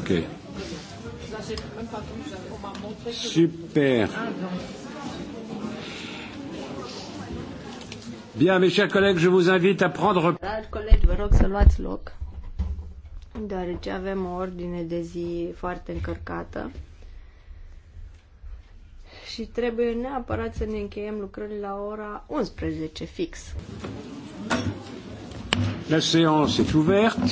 Ok. Super. Bien, mes chers collègues, je vous invite à prendre... Dragi colegi, vă rog să luați loc, deoarece avem o ordine de zi foarte încărcată și trebuie neapărat să ne încheiem lucrările la ora 11 fix. La séance est ouverte.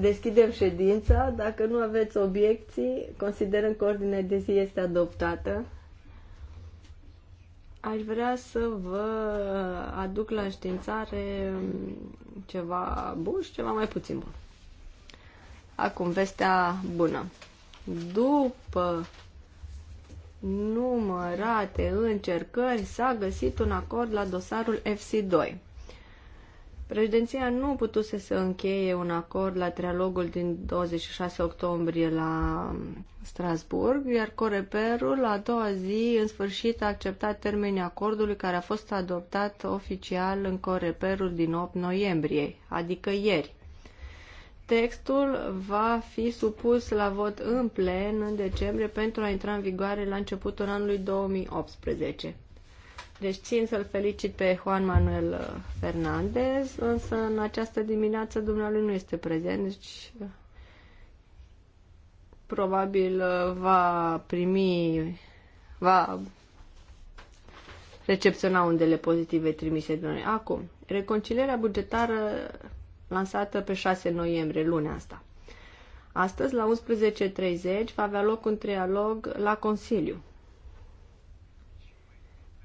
Deschidem ședința. Dacă nu aveți obiecții, considerăm că ordinea de zi este adoptată. Aș vrea să vă aduc la științare ceva bun și ceva mai puțin bun. Acum, vestea bună. După numărate încercări, s-a găsit un acord la dosarul FC2. Președinția nu putuse să încheie un acord la trialogul din 26 octombrie la um, Strasburg, iar Coreperul a doua zi în sfârșit a acceptat termenii acordului care a fost adoptat oficial în Coreperul din 8 noiembrie, adică ieri. Textul va fi supus la vot în plen în decembrie pentru a intra în vigoare la începutul anului 2018. Deci țin să-l felicit pe Juan Manuel uh, Fernandez, însă în această dimineață dumnealui nu este prezent, deci uh, probabil uh, va primi, va recepționa undele pozitive trimise de noi. Acum, reconcilierea bugetară lansată pe 6 noiembrie, lunea asta. Astăzi, la 11.30, va avea loc un trialog la Consiliu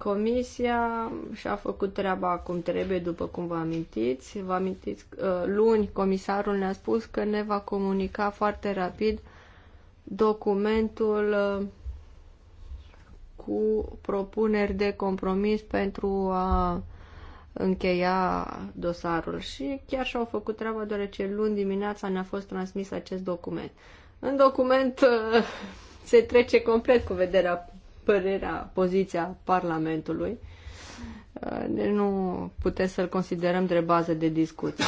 Comisia și-a făcut treaba cum trebuie, după cum vă amintiți. Vă amintiți, uh, luni comisarul ne-a spus că ne va comunica foarte rapid documentul uh, cu propuneri de compromis pentru a încheia dosarul și chiar și-au făcut treaba deoarece luni dimineața ne-a fost transmis acest document. În document uh, se trece complet cu vederea părerea, poziția Parlamentului. Deci nu putem să-l considerăm de bază de discuție.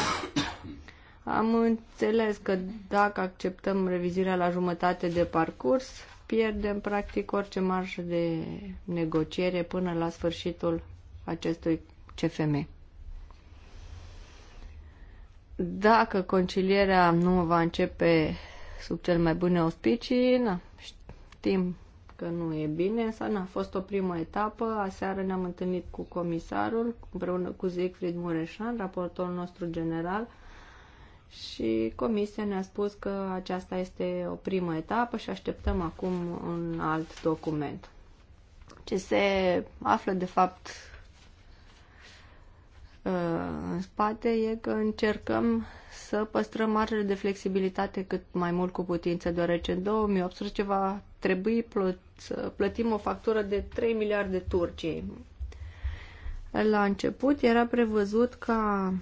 Am înțeles că dacă acceptăm revizirea la jumătate de parcurs, pierdem practic orice marjă de negociere până la sfârșitul acestui CFM. Dacă concilierea nu va începe sub cel mai bune auspicii, na, știm că nu e bine, însă n-a fost o primă etapă. Aseară ne-am întâlnit cu comisarul, împreună cu Siegfried Mureșan, raportorul nostru general, și comisia ne-a spus că aceasta este o primă etapă și așteptăm acum un alt document. Ce se află, de fapt, uh, în spate e că încercăm să păstrăm marjele de flexibilitate cât mai mult cu putință, deoarece în 2018 va trebui să plătim o factură de 3 miliarde Turciei. La început era prevăzut ca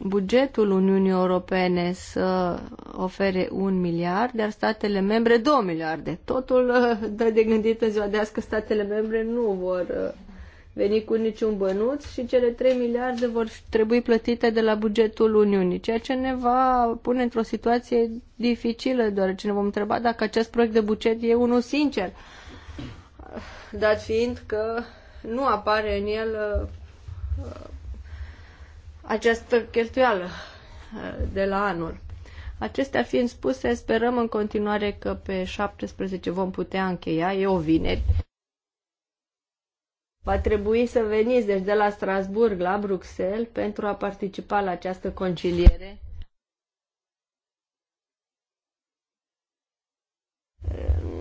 bugetul Uniunii Europene să ofere un miliard, iar statele membre 2 miliarde. Totul uh, dă de gândit în ziua de azi că statele membre nu vor uh, veni cu niciun bănuț și cele 3 miliarde vor trebui plătite de la bugetul Uniunii, ceea ce ne va pune într-o situație dificilă, deoarece ne vom întreba dacă acest proiect de buget e unul sincer, dat fiind că nu apare în el uh, această cheltuială uh, de la anul. Acestea fiind spuse, sperăm în continuare că pe 17 vom putea încheia, e o vineri, va trebui să veniți deci de la Strasburg la Bruxelles pentru a participa la această conciliere.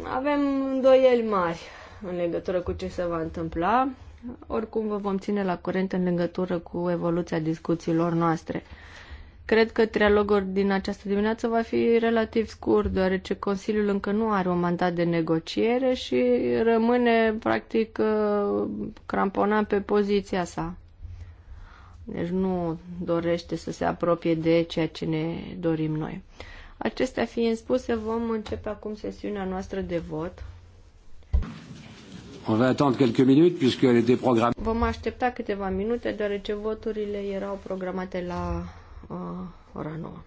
Avem îndoieli mari în legătură cu ce se va întâmpla. Oricum vă vom ține la curent în legătură cu evoluția discuțiilor noastre. Cred că trialogul din această dimineață va fi relativ scurt, deoarece Consiliul încă nu are un mandat de negociere și rămâne, practic, uh, cramponat pe poziția sa. Deci nu dorește să se apropie de ceea ce ne dorim noi. Acestea fiind spuse, vom începe acum sesiunea noastră de vot. On va attendre quelques minutes était programmée. Vom aștepta câteva minute deoarece voturile erau programate la Uh, ora nouă.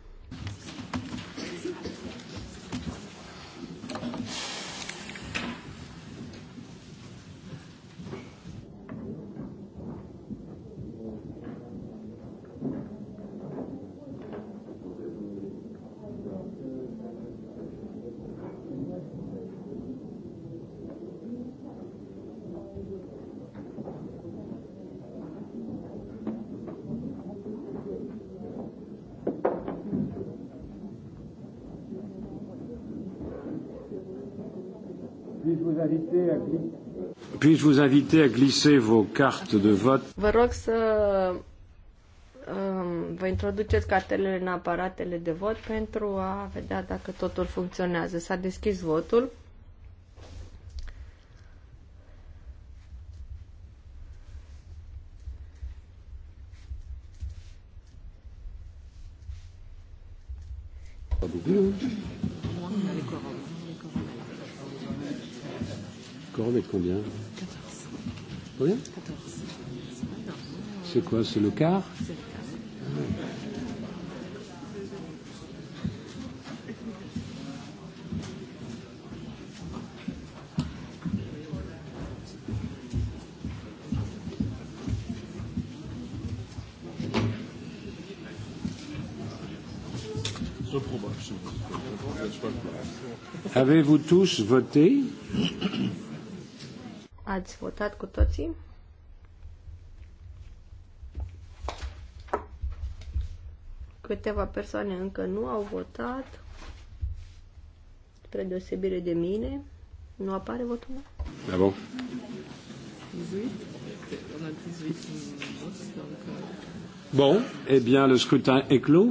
Puis-je vous inviter à glisser vos cartes de vote? Vă rog să um, vă introduceți cartelele în aparatele de vot pentru a vedea dacă totul funcționează. S-a deschis votul. corps d'être combien 14. Combien 14. C'est quoi C'est le quart C'est le quart. Avez-vous tous voté Ați votat cu toții? Câteva persoane încă nu au votat. Spre deosebire de mine, nu apare votul meu. Da, ah bun. 18. Bon, eh bien, le scrutin est clos.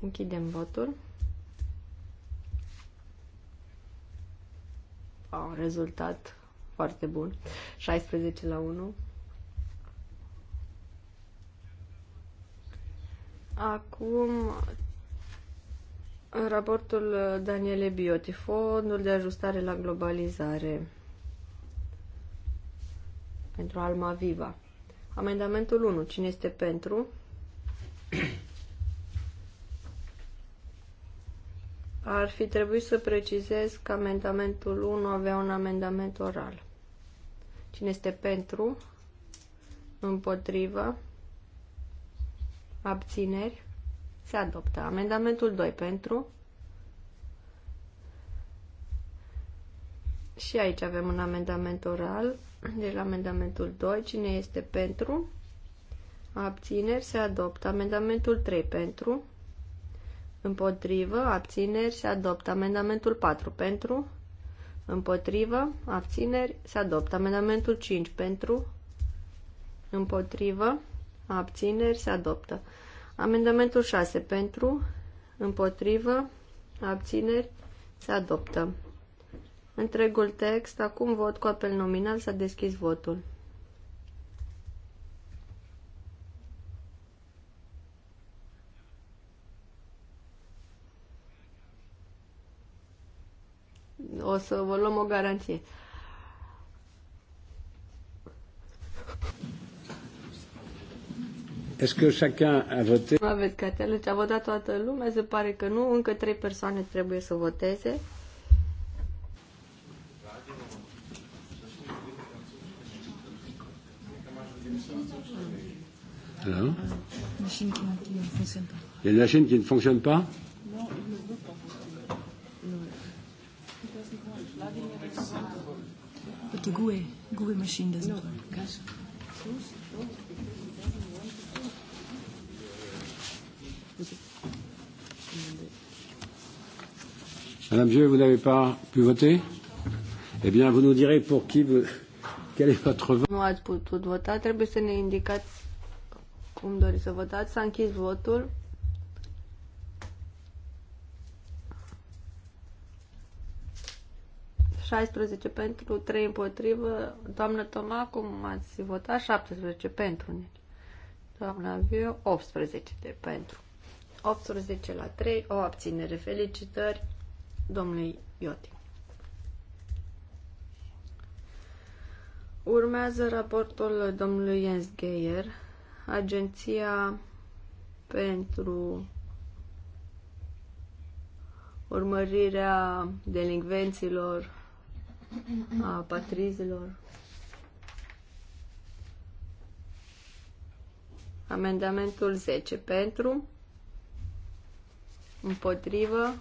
Închidem votul. Au rezultat foarte bun. 16 la 1. Acum, raportul Daniele Bioti, fondul de ajustare la globalizare pentru Alma Viva. Amendamentul 1. Cine este pentru? ar fi trebuit să precizez că amendamentul 1 avea un amendament oral. Cine este pentru? Împotrivă? Abțineri? Se adoptă. Amendamentul 2 pentru? Și aici avem un amendament oral. Deci la amendamentul 2, cine este pentru? Abțineri se adoptă. Amendamentul 3 pentru. Împotrivă, abțineri, se adoptă. Amendamentul 4 pentru. Împotrivă, abțineri, se adoptă. Amendamentul 5 pentru. Împotrivă, abțineri, se adoptă. Amendamentul 6 pentru. Împotrivă, abțineri, se adoptă. Întregul text, acum vot cu apel nominal, s-a deschis votul. o să vă luăm o garanție. Est-ce que chacun a voté? Nu aveți cartele, deci a votat toată lumea, se pare că nu, încă trei persoane trebuie să voteze. Alors Machine qui, ne fonctionne pas. Il y a une machine qui ne fonctionne pas GUE, GUE machine doesn't no. work. Yes. Madame Dieu, vous n'avez pas pu voter Eh bien, vous nous direz pour qui vous... Quel est votre vote Nu ați putut vota, trebuie să ne indicați cum doriți să votați. S-a închis votul. 16 pentru, 3 împotrivă. Doamnă Toma, cum ați votat? 17 pentru. Doamna Viu, 18 de pentru. 18 la 3, o abținere. Felicitări domnului Ioti. Urmează raportul domnului Jens Geier, Agenția pentru urmărirea delinvenților a patrizilor. Amendamentul 10 pentru, împotrivă,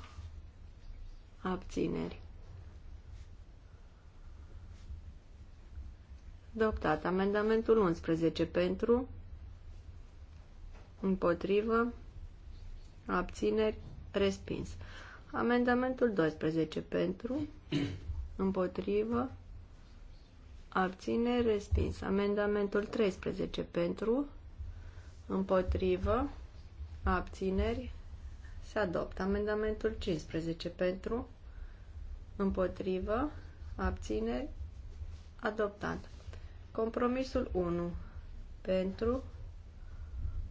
abțineri. Adoptat. Amendamentul 11 pentru, împotrivă, abțineri, respins. Amendamentul 12 pentru, împotrivă, abține, respins. Amendamentul 13 pentru, împotrivă, abțineri, se adoptă. Amendamentul 15 pentru, împotrivă, abțineri, adoptat. Compromisul 1 pentru,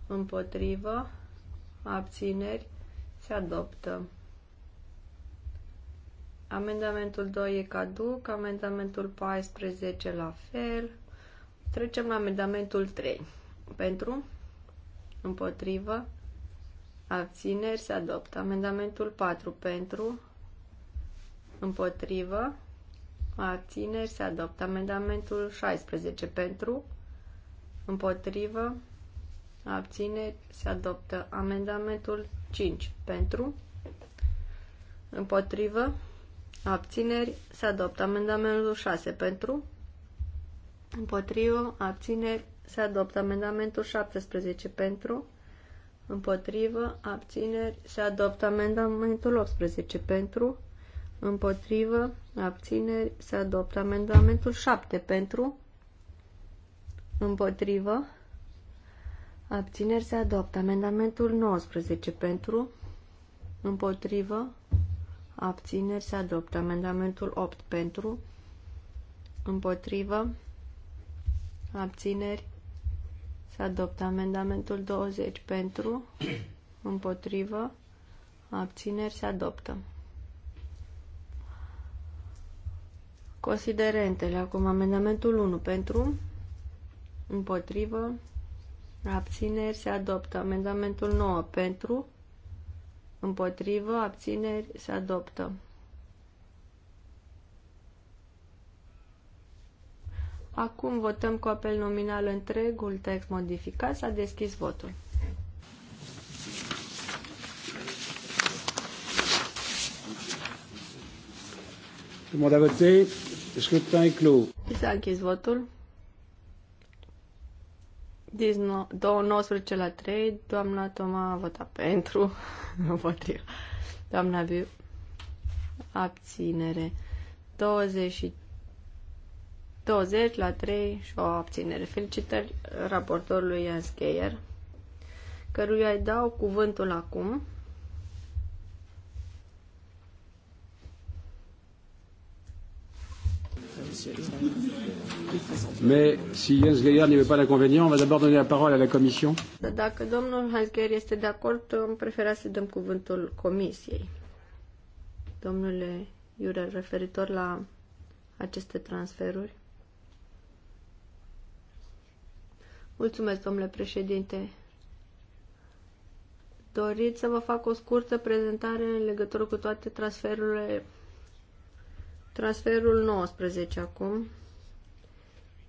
împotrivă, abțineri, se adoptă. Amendamentul 2 e caduc, amendamentul 14 la fel. Trecem la amendamentul 3. Pentru, împotrivă, abțineri se adoptă. Amendamentul 4 pentru, împotrivă, abțineri se adoptă. Amendamentul 16 pentru, împotrivă, abțineri se adoptă. Amendamentul 5 pentru, împotrivă, Abțineri se adoptă. Amendamentul 6 pentru. Împotrivă. Abțineri se adoptă. Amendamentul 17 pentru. Împotrivă. Abțineri se adoptă. Amendamentul 18 pentru. Împotrivă. Abțineri se adoptă. Amendamentul 7 pentru. Împotrivă. Abțineri se adoptă. Amendamentul 19 pentru. Împotrivă abțineri se adoptă. Amendamentul 8 pentru, împotrivă, abțineri se adoptă. Amendamentul 20 pentru, împotrivă, abțineri se adoptă. Considerentele. Acum amendamentul 1 pentru, împotrivă, abțineri se adoptă. Amendamentul 9 pentru, Împotrivă, abțineri, se adoptă. Acum votăm cu apel nominal întregul text modificat. S-a deschis votul. Demanda voté. Scrutin clos. S-a închis votul. Din 19 la 3, doamna Toma a votat pentru, împotriva. Doamna Viu, abținere. 20, 20 la 3 și o abținere. Felicitări raportorului Ian Scheier, căruia îi dau cuvântul acum. Thank you. Mais si Jens n'y avait pas d'inconvénient, on va d'abord donner la parole à la Commission. Da, dacă domnul Hans este de acord, am preferat să dăm cuvântul Comisiei. Domnule Iure, referitor la aceste transferuri. Mulțumesc, domnule președinte. Doriți să vă fac o scurtă prezentare în legătură cu toate transferurile. Transferul 19 acum,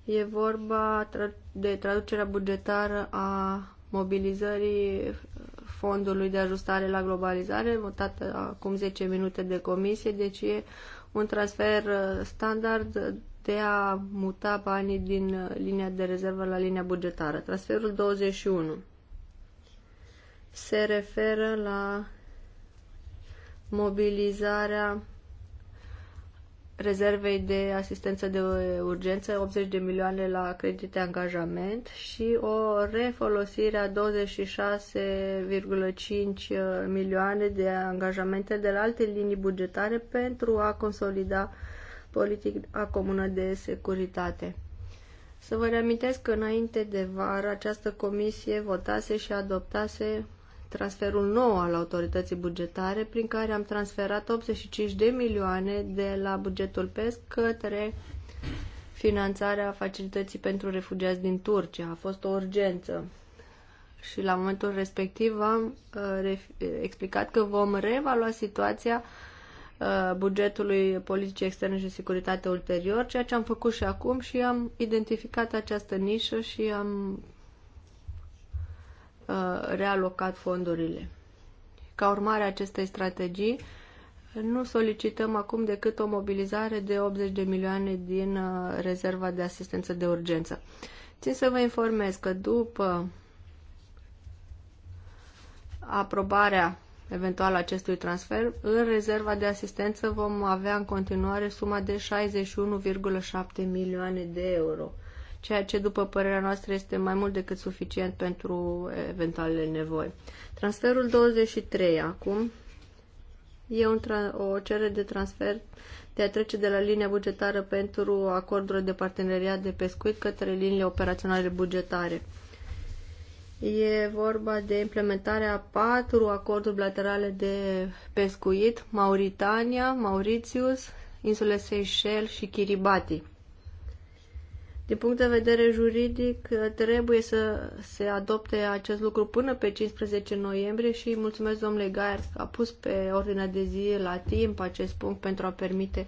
E vorba de traducerea bugetară a mobilizării fondului de ajustare la globalizare, votată acum 10 minute de comisie, deci e un transfer uh, standard de a muta banii din uh, linia de rezervă la linia bugetară. Transferul 21 se referă la mobilizarea rezervei de asistență de urgență, 80 de milioane la credite angajament și o refolosire a 26,5 uh, milioane de angajamente de la alte linii bugetare pentru a consolida politica comună de securitate. Să vă reamintesc că înainte de vară această comisie votase și adoptase transferul nou al autorității bugetare, prin care am transferat 85 de milioane de la bugetul PESC către finanțarea facilității pentru refugiați din Turcia. A fost o urgență. Și la momentul respectiv am uh, explicat că vom reevalua situația uh, bugetului politicii externe și securitate ulterior, ceea ce am făcut și acum și am identificat această nișă și am Uh, realocat fondurile. Ca urmare a acestei strategii, nu solicităm acum decât o mobilizare de 80 de milioane din uh, rezerva de asistență de urgență. Țin să vă informez că după aprobarea eventual acestui transfer, în rezerva de asistență vom avea în continuare suma de 61,7 milioane de euro ceea ce, după părerea noastră, este mai mult decât suficient pentru eventualele nevoi. Transferul 23 acum e un o cerere de transfer de a trece de la linia bugetară pentru acordurile de parteneriat de pescuit către liniile operaționale bugetare. E vorba de implementarea a patru acorduri bilaterale de pescuit, Mauritania, Mauritius, insule Seychelles și Kiribati. Din punct de vedere juridic, trebuie să se adopte acest lucru până pe 15 noiembrie și mulțumesc domnule Gaier că a pus pe ordinea de zi la timp acest punct pentru a permite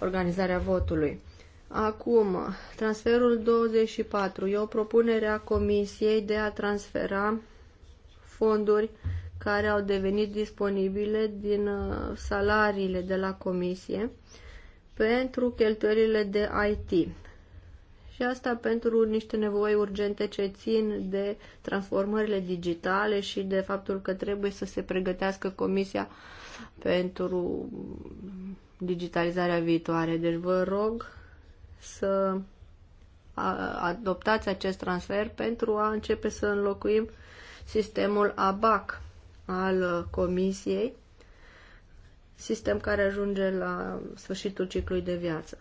organizarea votului. Acum, transferul 24. E o propunere a Comisiei de a transfera fonduri care au devenit disponibile din uh, salariile de la Comisie pentru cheltuielile de IT și asta pentru niște nevoi urgente ce țin de transformările digitale și de faptul că trebuie să se pregătească comisia pentru digitalizarea viitoare. Deci vă rog să adoptați acest transfer pentru a începe să înlocuim sistemul ABAC al comisiei, sistem care ajunge la sfârșitul ciclului de viață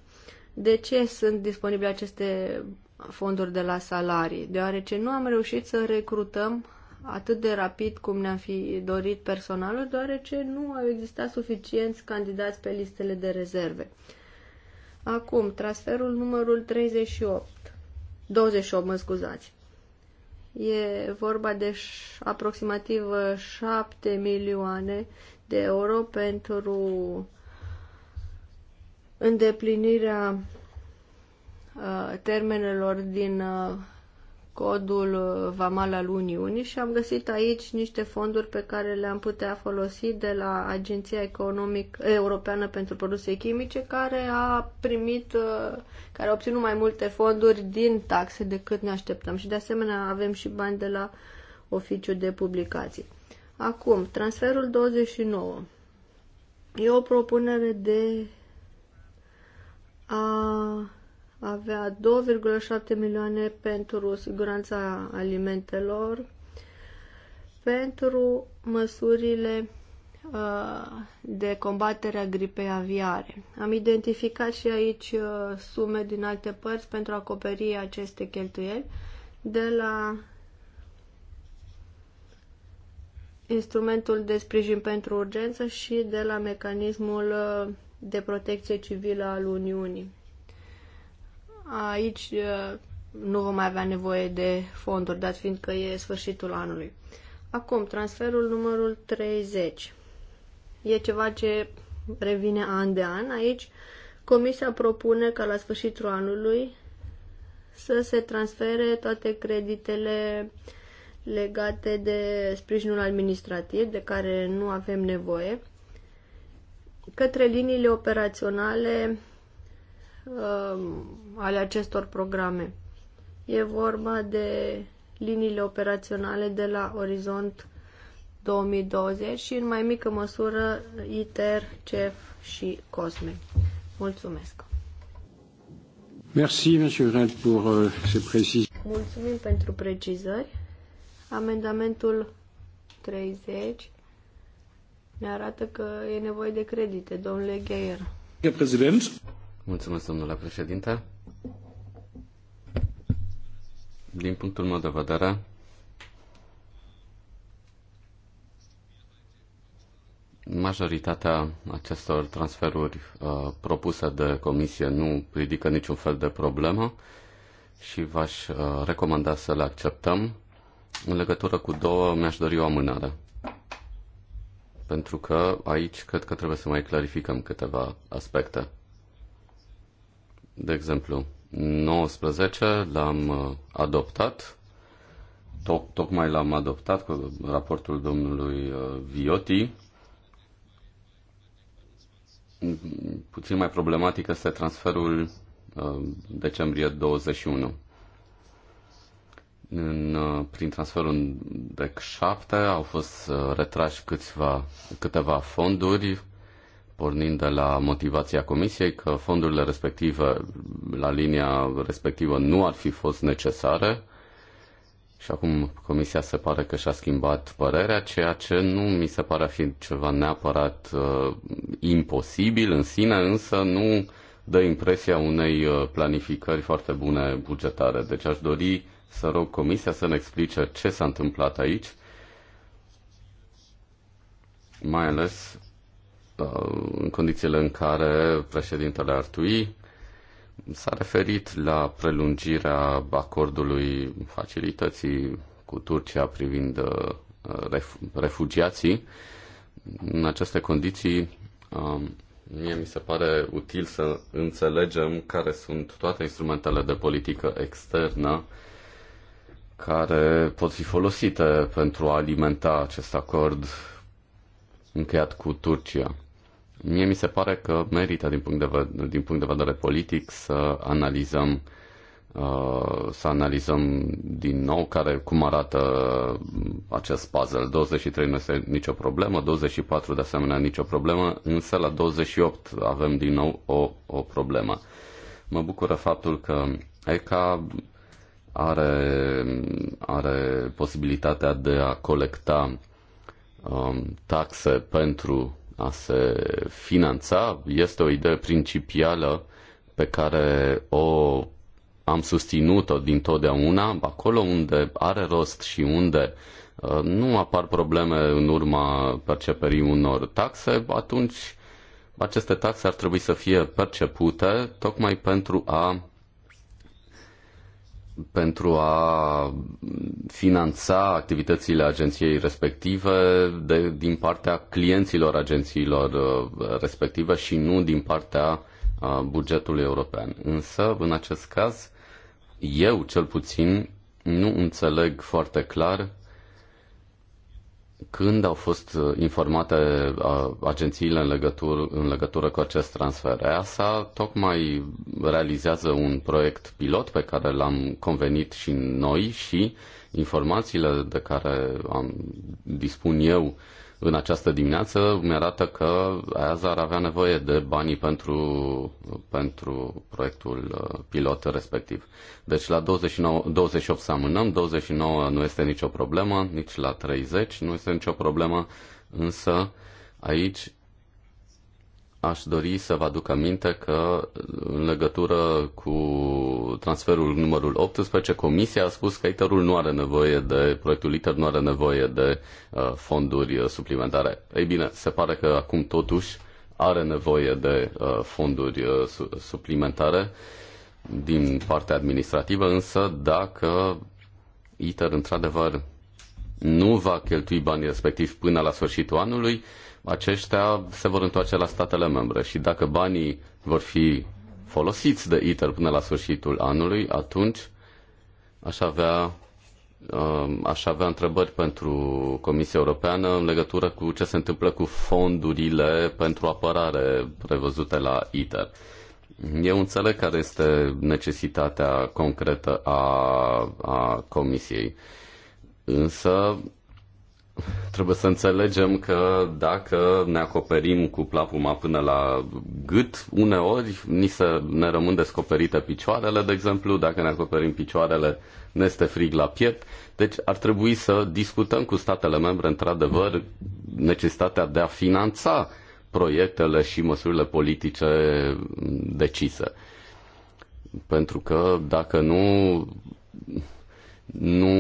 de ce sunt disponibile aceste fonduri de la salarii, deoarece nu am reușit să recrutăm atât de rapid cum ne-am fi dorit personalul, deoarece nu au existat suficienți candidați pe listele de rezerve. Acum, transferul numărul 38, 28, mă scuzați. E vorba de aproximativ 7 milioane de euro pentru îndeplinirea uh, termenelor din uh, codul uh, vamal al Uniunii și am găsit aici niște fonduri pe care le-am putea folosi de la Agenția Economic Europeană pentru Produse Chimice care a primit, care a obținut mai multe fonduri din taxe decât ne așteptăm și de asemenea avem și bani de la oficiul de publicații. Acum, transferul 29. E o propunere de a avea 2,7 milioane pentru siguranța alimentelor, pentru măsurile de combatere a gripei aviare. Am identificat și aici sume din alte părți pentru a acoperi aceste cheltuieli de la instrumentul de sprijin pentru urgență și de la mecanismul de protecție civilă al Uniunii. Aici uh, nu vom mai avea nevoie de fonduri, dat fiindcă e sfârșitul anului. Acum, transferul numărul 30. E ceva ce revine an de an. Aici, Comisia propune ca la sfârșitul anului să se transfere toate creditele legate de sprijinul administrativ de care nu avem nevoie către liniile operaționale uh, ale acestor programe. E vorba de liniile operaționale de la Orizont 2020 și în mai mică măsură ITER, CEF și COSME. Mulțumesc! Merci, monsieur Rent, pour uh, ces précisions. Mulțumim pentru precizări. Amendamentul 30 ne arată că e nevoie de credite. Domnule Gheier. Președinte. Mulțumesc, domnule președinte. Din punctul meu de vedere, majoritatea acestor transferuri uh, propuse de comisie nu ridică niciun fel de problemă și v-aș uh, recomanda să le acceptăm. În legătură cu două, mi-aș dori o amânare pentru că aici cred că trebuie să mai clarificăm câteva aspecte. De exemplu, 19 l-am uh, adoptat, toc, tocmai l-am adoptat cu raportul domnului uh, Vioti. Puțin mai problematic este transferul uh, decembrie 21. În, uh, prin transferul DEC7 au fost uh, retrași câțiva, câteva fonduri, pornind de la motivația comisiei că fondurile respective la linia respectivă nu ar fi fost necesare. Și acum comisia se pare că și-a schimbat părerea, ceea ce nu mi se pare a fi ceva neapărat uh, imposibil în sine, însă nu dă impresia unei uh, planificări foarte bune bugetare. Deci aș dori să rog Comisia să ne explice ce s-a întâmplat aici, mai ales uh, în condițiile în care președintele Artui s-a referit la prelungirea acordului facilității cu Turcia privind uh, refugiații. În aceste condiții, um, mie mi se pare util să înțelegem care sunt toate instrumentele de politică externă care pot fi folosite pentru a alimenta acest acord încheiat cu Turcia. Mie mi se pare că merită din punct de vedere, din punct de vedere politic să analizăm uh, să analizăm din nou care, cum arată acest puzzle. 23 nu este nicio problemă, 24 de asemenea nicio problemă, însă la 28 avem din nou o, o problemă. Mă bucură faptul că ECA are, are posibilitatea de a colecta um, taxe pentru a se finanța. Este o idee principială pe care o am susținut-o din totdeauna, acolo unde are rost și unde uh, nu apar probleme în urma perceperii unor taxe, atunci aceste taxe ar trebui să fie percepute tocmai pentru a pentru a finanța activitățile agenției respective de, din partea clienților agențiilor uh, respective și nu din partea uh, bugetului european. Însă, în acest caz, eu cel puțin nu înțeleg foarte clar când au fost uh, informate uh, agențiile în legătură, în legătură cu acest transfer? EASA tocmai realizează un proiect pilot pe care l-am convenit și noi și informațiile de care am dispun eu în această dimineață mi-arată că EASA ar avea nevoie de banii pentru, pentru proiectul uh, pilot respectiv. Deci la 29, 28 să amânăm, 29 nu este nicio problemă, nici la 30 nu este nicio problemă, însă aici Aș dori să vă aduc aminte că în legătură cu transferul numărul 18, Comisia a spus că ITER-ul nu are nevoie de, proiectul ITER nu are nevoie de uh, fonduri uh, suplimentare. Ei bine, se pare că acum totuși are nevoie de uh, fonduri uh, suplimentare din partea administrativă, însă dacă ITER într-adevăr nu va cheltui banii respectiv până la sfârșitul anului, uh, aceștia se vor întoarce la statele membre și dacă banii vor fi folosiți de ITER până la sfârșitul anului, atunci aș avea, um, aș avea întrebări pentru Comisia Europeană în legătură cu ce se întâmplă cu fondurile pentru apărare prevăzute la ITER. Eu înțeleg care este necesitatea concretă a, a Comisiei. Însă Trebuie să înțelegem că dacă ne acoperim cu plapuma până la gât, uneori ni se, ne rămân descoperite picioarele, de exemplu, dacă ne acoperim picioarele, ne este frig la piept. Deci ar trebui să discutăm cu statele membre, într-adevăr, necesitatea de a finanța proiectele și măsurile politice decise. Pentru că dacă nu, nu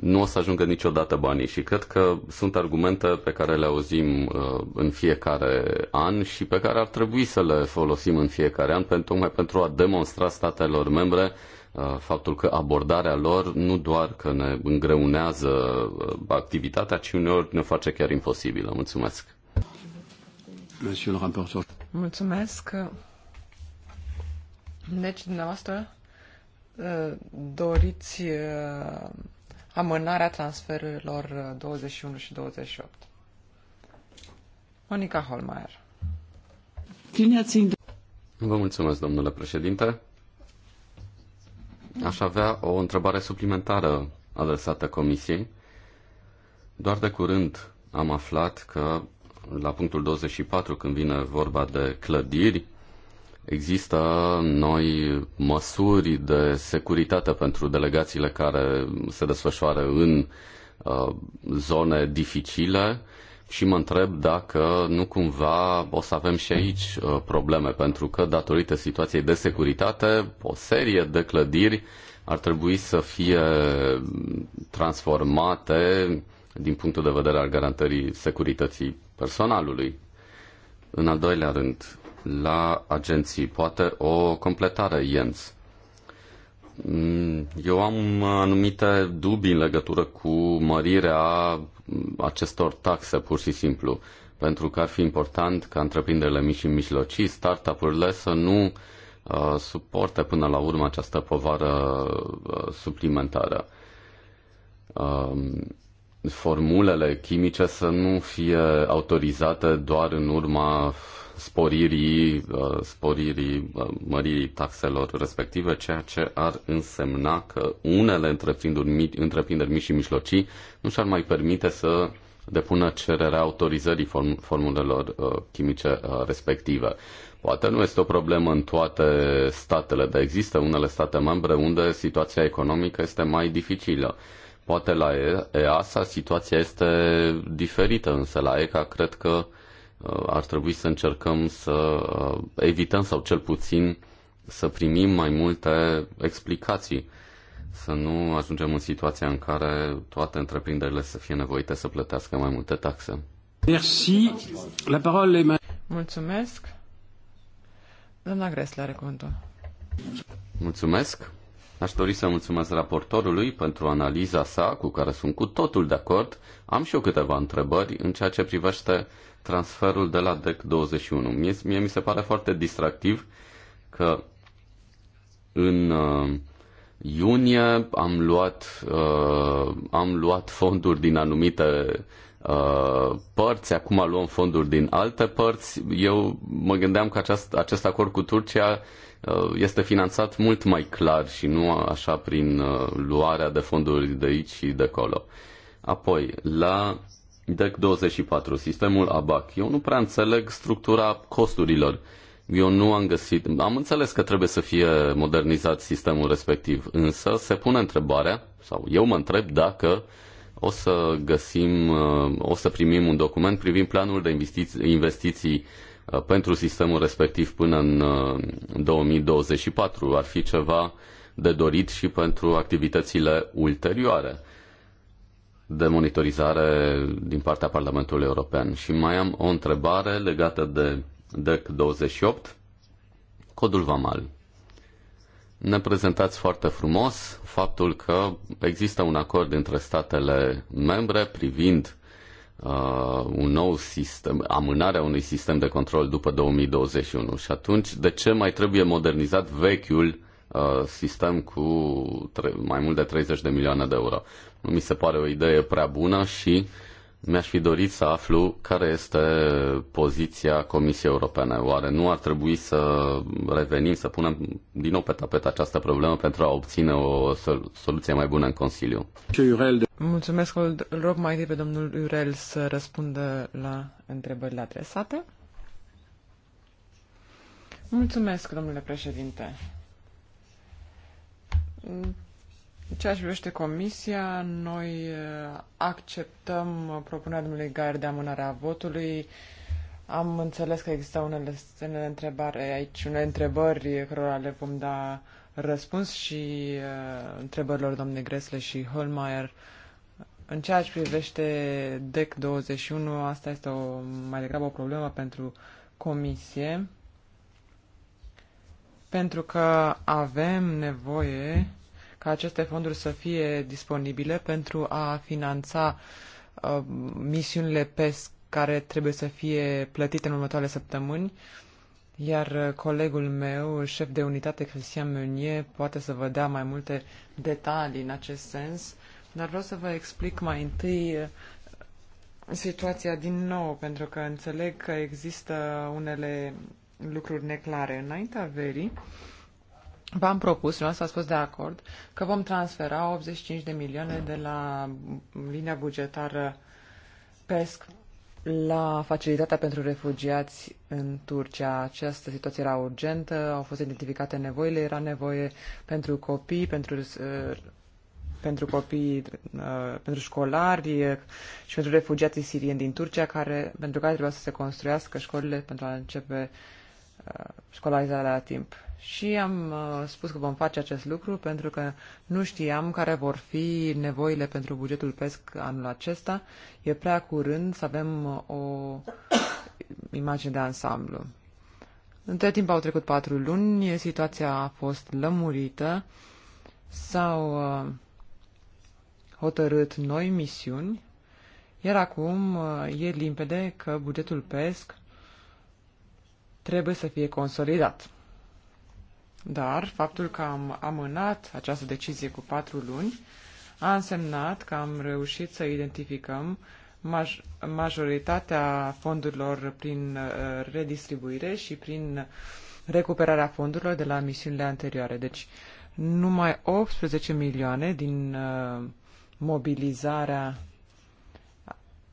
nu o să ajungă niciodată banii și cred că sunt argumente pe care le auzim uh, în fiecare an și pe care ar trebui să le folosim în fiecare an pentru, tocmai pentru a demonstra statelor membre uh, faptul că abordarea lor nu doar că ne îngreunează uh, activitatea, ci uneori ne face chiar imposibilă. Mulțumesc! Mulțumesc! Deci, dumneavoastră, doriți amânarea transferurilor 21 uh, și 28. Monica Holmeier. Vă mulțumesc, domnule președinte. Aș avea o întrebare suplimentară adresată Comisiei. Doar de curând am aflat că la punctul 24, când vine vorba de clădiri, Există noi măsuri de securitate pentru delegațiile care se desfășoară în uh, zone dificile și mă întreb dacă nu cumva o să avem și aici uh, probleme, pentru că datorită situației de securitate, o serie de clădiri ar trebui să fie transformate din punctul de vedere al garantării securității personalului. În al doilea rând, la agenții, poate o completare ienț. Mm, eu am anumite dubii în legătură cu mărirea acestor taxe, pur și simplu, pentru că ar fi important ca întreprinderile mici și mijlocii, startup-urile, să nu uh, suporte până la urmă această povară uh, suplimentară. Uh, formulele chimice să nu fie autorizate doar în urma sporirii, uh, sporirii, uh, măririi taxelor respective, ceea ce ar însemna că unele întreprinderi mici, întreprinderi mici și mijlocii nu și-ar mai permite să depună cererea autorizării form- formulelor uh, chimice uh, respective. Poate nu este o problemă în toate statele, dar există unele state membre unde situația economică este mai dificilă. Poate la EASA situația este diferită, însă la ECA cred că uh, Uh, ar trebui să încercăm să uh, evităm sau cel puțin să primim mai multe explicații, să nu ajungem în situația în care toate întreprinderile să fie nevoite să plătească mai multe taxe. Merci. La parole est... Mulțumesc. Doamna Gresle are cuvântul. Mulțumesc. Aș dori să mulțumesc raportorului pentru analiza sa, cu care sunt cu totul de acord. Am și eu câteva întrebări în ceea ce privește uh, transferul de la DEC 21. Mie, mie mi se pare foarte distractiv că în uh, iunie am luat, uh, am luat fonduri din anumite uh, părți, acum luăm fonduri din alte părți. Eu mă gândeam că acest, acest acord cu Turcia uh, este finanțat mult mai clar și nu așa prin uh, luarea de fonduri de aici și de acolo. Apoi, la DEC 24, sistemul ABAC. Eu nu prea înțeleg structura costurilor. Eu nu am găsit, am înțeles că trebuie să fie modernizat sistemul respectiv, însă se pune întrebarea, sau eu mă întreb dacă o să găsim, o să primim un document privind planul de investiții, investiții uh, pentru sistemul respectiv până în 2024. Uh, Ar fi ceva de dorit și pentru activitățile ulterioare de monitorizare din partea Parlamentului European. Și mai am o întrebare legată de DEC 28, codul VAMAL. Ne prezentați foarte frumos faptul că există un acord între statele membre privind uh, un nou sistem, amânarea unui sistem de control după 2021. Și atunci, de ce mai trebuie modernizat vechiul uh, sistem cu tre- mai mult de 30 de milioane de euro? nu mi se pare o idee prea bună și mi-aș fi dorit să aflu care este poziția Comisiei Europene. Oare nu ar trebui să revenim, să punem din nou pe tapet această problemă pentru a obține o soluție mai bună în Consiliu? Mulțumesc, îl rog mai pe domnul Iurel să răspundă la întrebările adresate. Mulțumesc, domnule președinte ceea ce privește comisia, noi uh, acceptăm uh, propunerea domnului Gaier de amânare a votului. Am înțeles că există unele, de întrebare, aici, unele întrebări cărora le vom da răspuns și uh, întrebărilor doamnei Gresle și Holmeier. În ceea ce privește DEC 21, asta este o, mai degrabă o problemă pentru comisie, pentru că avem nevoie ca aceste fonduri să fie disponibile pentru a finanța uh, misiunile PES care trebuie să fie plătite în următoarele săptămâni, iar colegul meu, șef de unitate, Cristian Meunier, poate să vă dea mai multe detalii în acest sens, dar vreau să vă explic mai întâi uh, situația din nou, pentru că înțeleg că există unele lucruri neclare. Înaintea verii, V-am propus, și s-a spus de acord, că vom transfera 85 de milioane de la linia bugetară PESC la facilitatea pentru refugiați în Turcia. Această situație era urgentă, au fost identificate nevoile, era nevoie pentru copii, pentru, uh, pentru copii, uh, pentru școlari uh, și pentru refugiații sirieni din Turcia, care, pentru care trebuia să se construiască școlile pentru a începe școlarizarea la timp. Și am uh, spus că vom face acest lucru pentru că nu știam care vor fi nevoile pentru bugetul PESC anul acesta. E prea curând să avem uh, o imagine de ansamblu. Între timp au trecut patru luni, situația a fost lămurită, s-au uh, hotărât noi misiuni, iar acum e limpede că bugetul PESC trebuie să fie consolidat. Dar faptul că am amânat această decizie cu patru luni a însemnat că am reușit să identificăm maj- majoritatea fondurilor prin uh, redistribuire și prin recuperarea fondurilor de la misiunile anterioare. Deci numai 18 milioane din uh, mobilizarea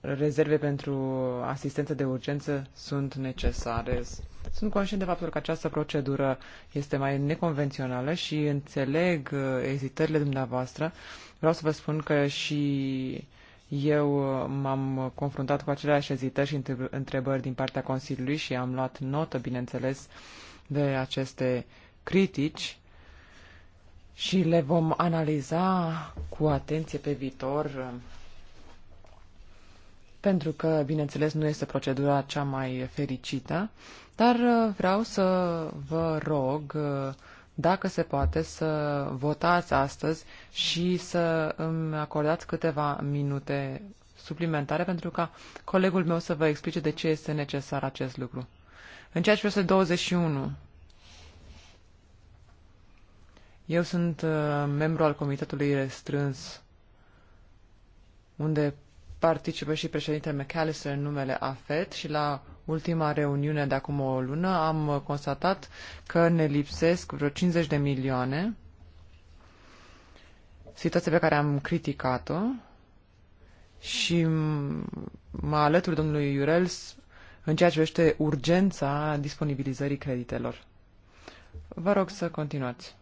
rezerve pentru asistență de urgență sunt necesare. Sunt conștient de faptul că această procedură este mai neconvențională și înțeleg uh, ezitările dumneavoastră. Vreau să vă spun că și eu uh, m-am confruntat cu aceleași ezitări și întrebări din partea Consiliului și am luat notă, bineînțeles, de aceste critici și le vom analiza cu atenție pe viitor uh, pentru că, bineînțeles, nu este procedura cea mai fericită, dar uh, vreau să vă rog, uh, dacă se poate, să votați astăzi și să îmi acordați câteva minute suplimentare pentru ca colegul meu să vă explice de ce este necesar acest lucru. În ceea ce privește 21, eu sunt uh, membru al Comitetului Restrâns, unde participă și președintele McAllister în numele AFET și la ultima reuniune de acum o lună am constatat că ne lipsesc vreo 50 de milioane, situație pe care am criticat-o și mă alătur domnului Iurels în ceea ce vește urgența disponibilizării creditelor. Vă rog să continuați.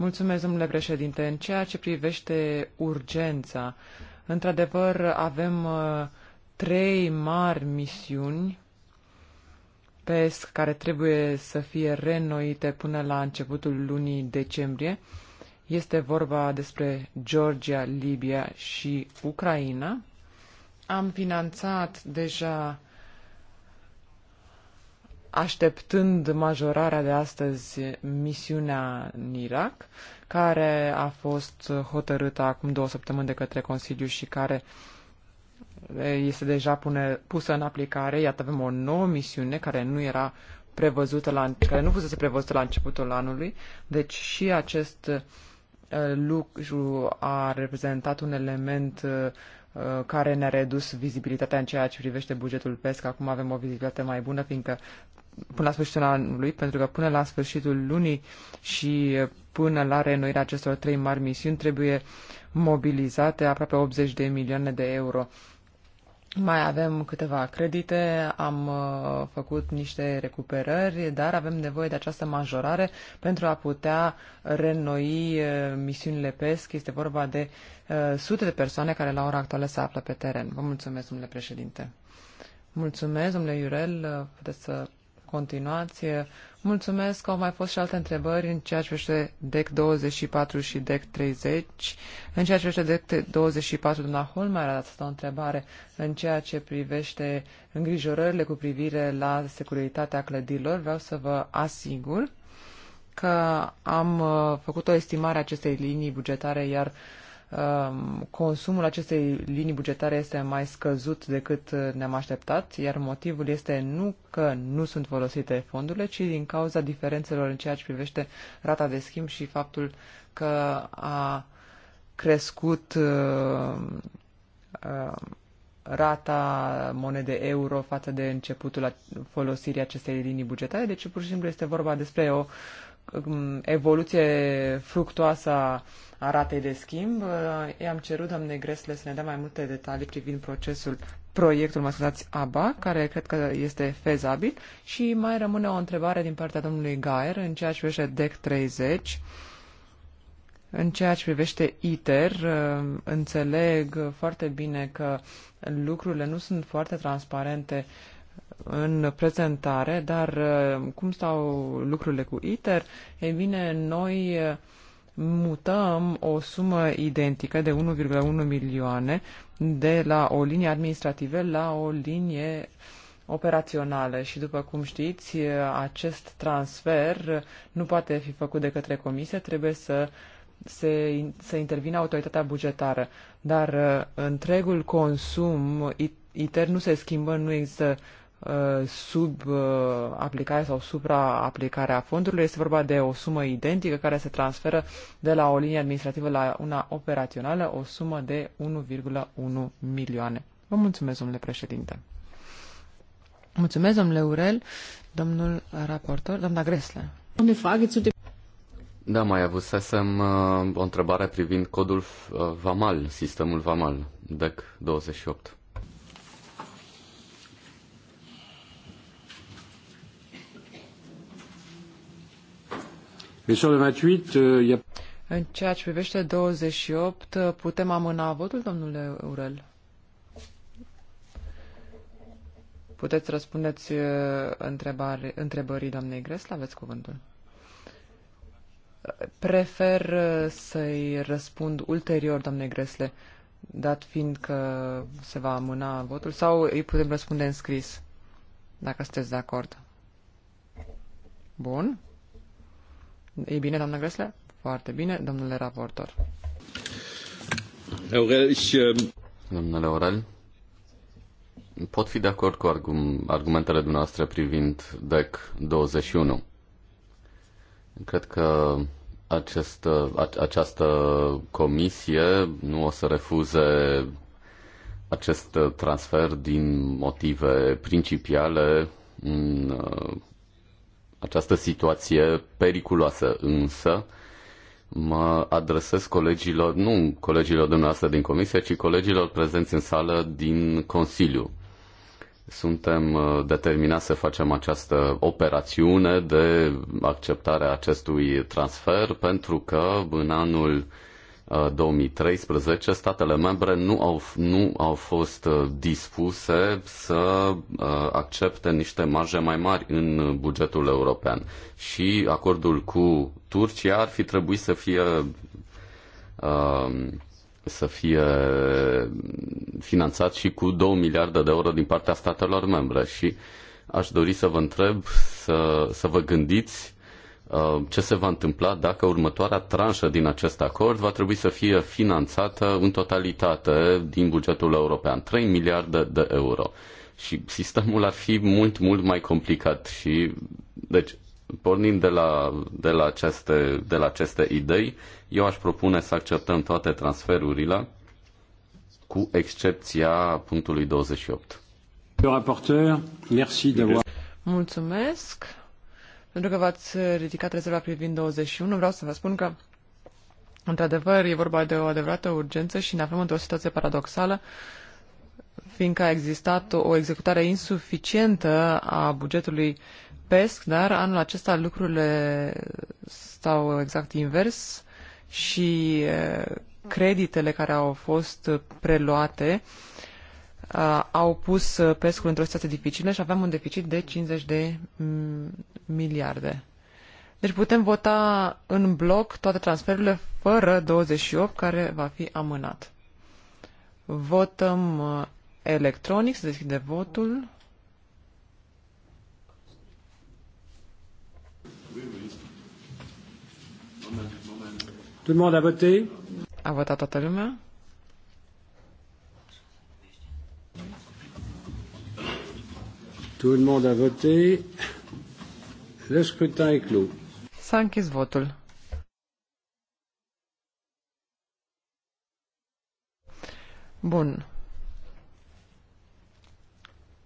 Mulțumesc, domnule președinte. În ceea ce privește urgența, într-adevăr avem uh, trei mari misiuni PESC care trebuie să fie reînnoite până la începutul lunii decembrie. Este vorba despre Georgia, Libia și Ucraina. Am finanțat deja așteptând majorarea de astăzi misiunea în Irak, care a fost hotărâtă acum două săptămâni de către Consiliu și care este deja pune, pusă în aplicare. Iată, avem o nouă misiune care nu era prevăzută la, care nu fusese prevăzută la începutul anului, deci și acest uh, lucru a reprezentat un element uh, Uh, care ne-a redus vizibilitatea în ceea ce privește bugetul PESC. Acum avem o vizibilitate mai bună, fiindcă până la sfârșitul anului, pentru că până la sfârșitul lunii și până la reînnoirea acestor trei mari misiuni trebuie mobilizate aproape 80 de milioane de euro. Mai avem câteva credite, am uh, făcut niște recuperări, dar avem nevoie de această majorare pentru a putea reînnoi uh, misiunile PESC. Este vorba de uh, sute de persoane care la ora actuală se află pe teren. Vă mulțumesc, domnule președinte. Mulțumesc, domnule Iurel, puteți să continuați. Mulțumesc, au mai fost și alte întrebări în ceea ce privește DEC 24 și DEC 30. În ceea ce privește DEC 24, doamna Holmer a dat o întrebare în ceea ce privește îngrijorările cu privire la securitatea clădirilor. Vreau să vă asigur că am uh, făcut o estimare a acestei linii bugetare, iar uh, Um, consumul acestei linii bugetare este mai scăzut decât ne-am așteptat, iar motivul este nu că nu sunt folosite fondurile, ci din cauza diferențelor în ceea ce privește rata de schimb și faptul că a crescut um, um, rata monede euro față de începutul folosirii acestei linii bugetare, deci pur și simplu este vorba despre o Um, evoluție fructoasă a, ratei de schimb. Uh, i-am cerut, doamne Gresle, să ne dea mai multe detalii privind procesul, proiectul, mă scuzați, ABA, care cred că este fezabil. Și mai rămâne o întrebare din partea domnului Gaer în ceea ce privește DEC 30. În ceea ce privește ITER, uh, înțeleg foarte bine că lucrurile nu sunt foarte transparente în prezentare, dar uh, cum stau lucrurile cu ITER? Ei bine, noi uh, mutăm o sumă identică de 1,1 milioane de la o linie administrativă la o linie operațională și după cum știți, uh, acest transfer nu poate fi făcut de către comisie, trebuie să se, să intervine autoritatea bugetară. Dar întregul consum ITER nu se schimbă, nu există Uh, sub uh, aplicarea sau supra-aplicarea fondurilor. Este vorba de o sumă identică care se transferă de la o linie administrativă la una operațională, o sumă de 1,1 milioane. Vă mulțumesc, domnule președinte. Mulțumesc, domnule Urel, domnul raportor, doamna Gresle. Da, mai avusesem uh, o întrebare privind codul uh, VAMAL, sistemul VAMAL, DEC 28. Euh, în ceea ce privește 28, uh, putem amâna votul, domnule Urel? Puteți răspundeți uh, întrebări, întrebării doamnei Gresla? Aveți cuvântul. Prefer uh, să-i răspund ulterior, doamne Gresle, dat fiind că se va amâna votul, sau îi putem răspunde în scris, dacă sunteți de acord. Bun. E bine, doamnă Gresle? Foarte bine, domnule raportor. Aurel, și uh, Domnule Aurel, pot fi de acord cu argum- argumentele dumneavoastră privind DEC 21. Cred că acest, uh, această comisie nu o să refuze acest transfer din motive principiale în uh, această situație periculoasă, însă mă adresez colegilor, nu colegilor dumneavoastră din comisie, ci colegilor prezenți în sală din Consiliu. Suntem uh, determinați să facem această operațiune de acceptare a acestui transfer pentru că în anul 2013, uh, statele membre nu au, nu au fost uh, dispuse să uh, accepte niște marje mai mari în bugetul european. Și acordul cu Turcia ar fi trebuit să fie să fie finanțat și cu 2 miliarde de euro din partea statelor membre. Și aș dori să vă întreb, să, să vă gândiți Uh, ce se va întâmpla dacă următoarea tranșă din acest acord va trebui să fie finanțată în totalitate din bugetul european, 3 miliarde de euro. Și sistemul ar fi mult, mult mai complicat și, deci, pornind de la, de la, aceste, de la aceste idei, eu aș propune să acceptăm toate transferurile, cu excepția punctului 28. Mulțumesc. Pentru că v-ați ridicat rezerva privind 21, vreau să vă spun că, într-adevăr, e vorba de o adevărată urgență și ne aflăm într-o situație paradoxală, fiindcă a existat o executare insuficientă a bugetului PESC, dar anul acesta lucrurile stau exact invers și eh, creditele care au fost preluate uh, Uh, au pus uh, pescul într-o situație dificilă și aveam un deficit de 50 de mm, miliarde. Deci putem vota în bloc toate transferurile fără 28 care va fi amânat. Votăm uh, electronic, se deschide votul. Tout le monde a voté? A votat toată lumea? Tout le monde a voté. Le scrutin est clos. S-a votul. Bun.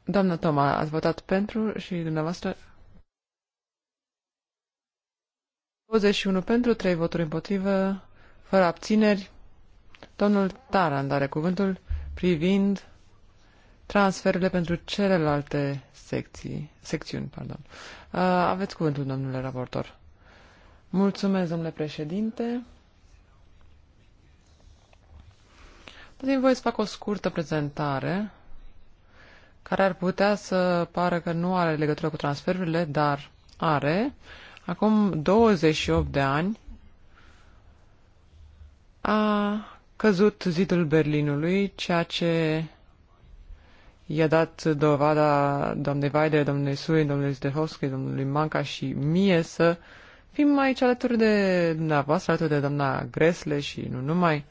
Doamna Toma, ați votat pentru și dumneavoastră 21 pentru, 3 voturi împotrivă, fără abțineri. Domnul Tarand are cuvântul privind transferurile pentru celelalte secții, secțiuni. Pardon. Uh, aveți cuvântul, domnule raportor. Mulțumesc, domnule președinte. Dați-mi voie să fac o scurtă prezentare care ar putea să pară că nu are legătură cu transferurile, dar are. Acum 28 de ani a căzut zidul Berlinului, ceea ce i-a dat dovada doamnei Vaide, doamnei Sui, doamnei Zdehovski, domnului Manca și mie să fim aici alături de dumneavoastră, alături de doamna Gresle și nu numai.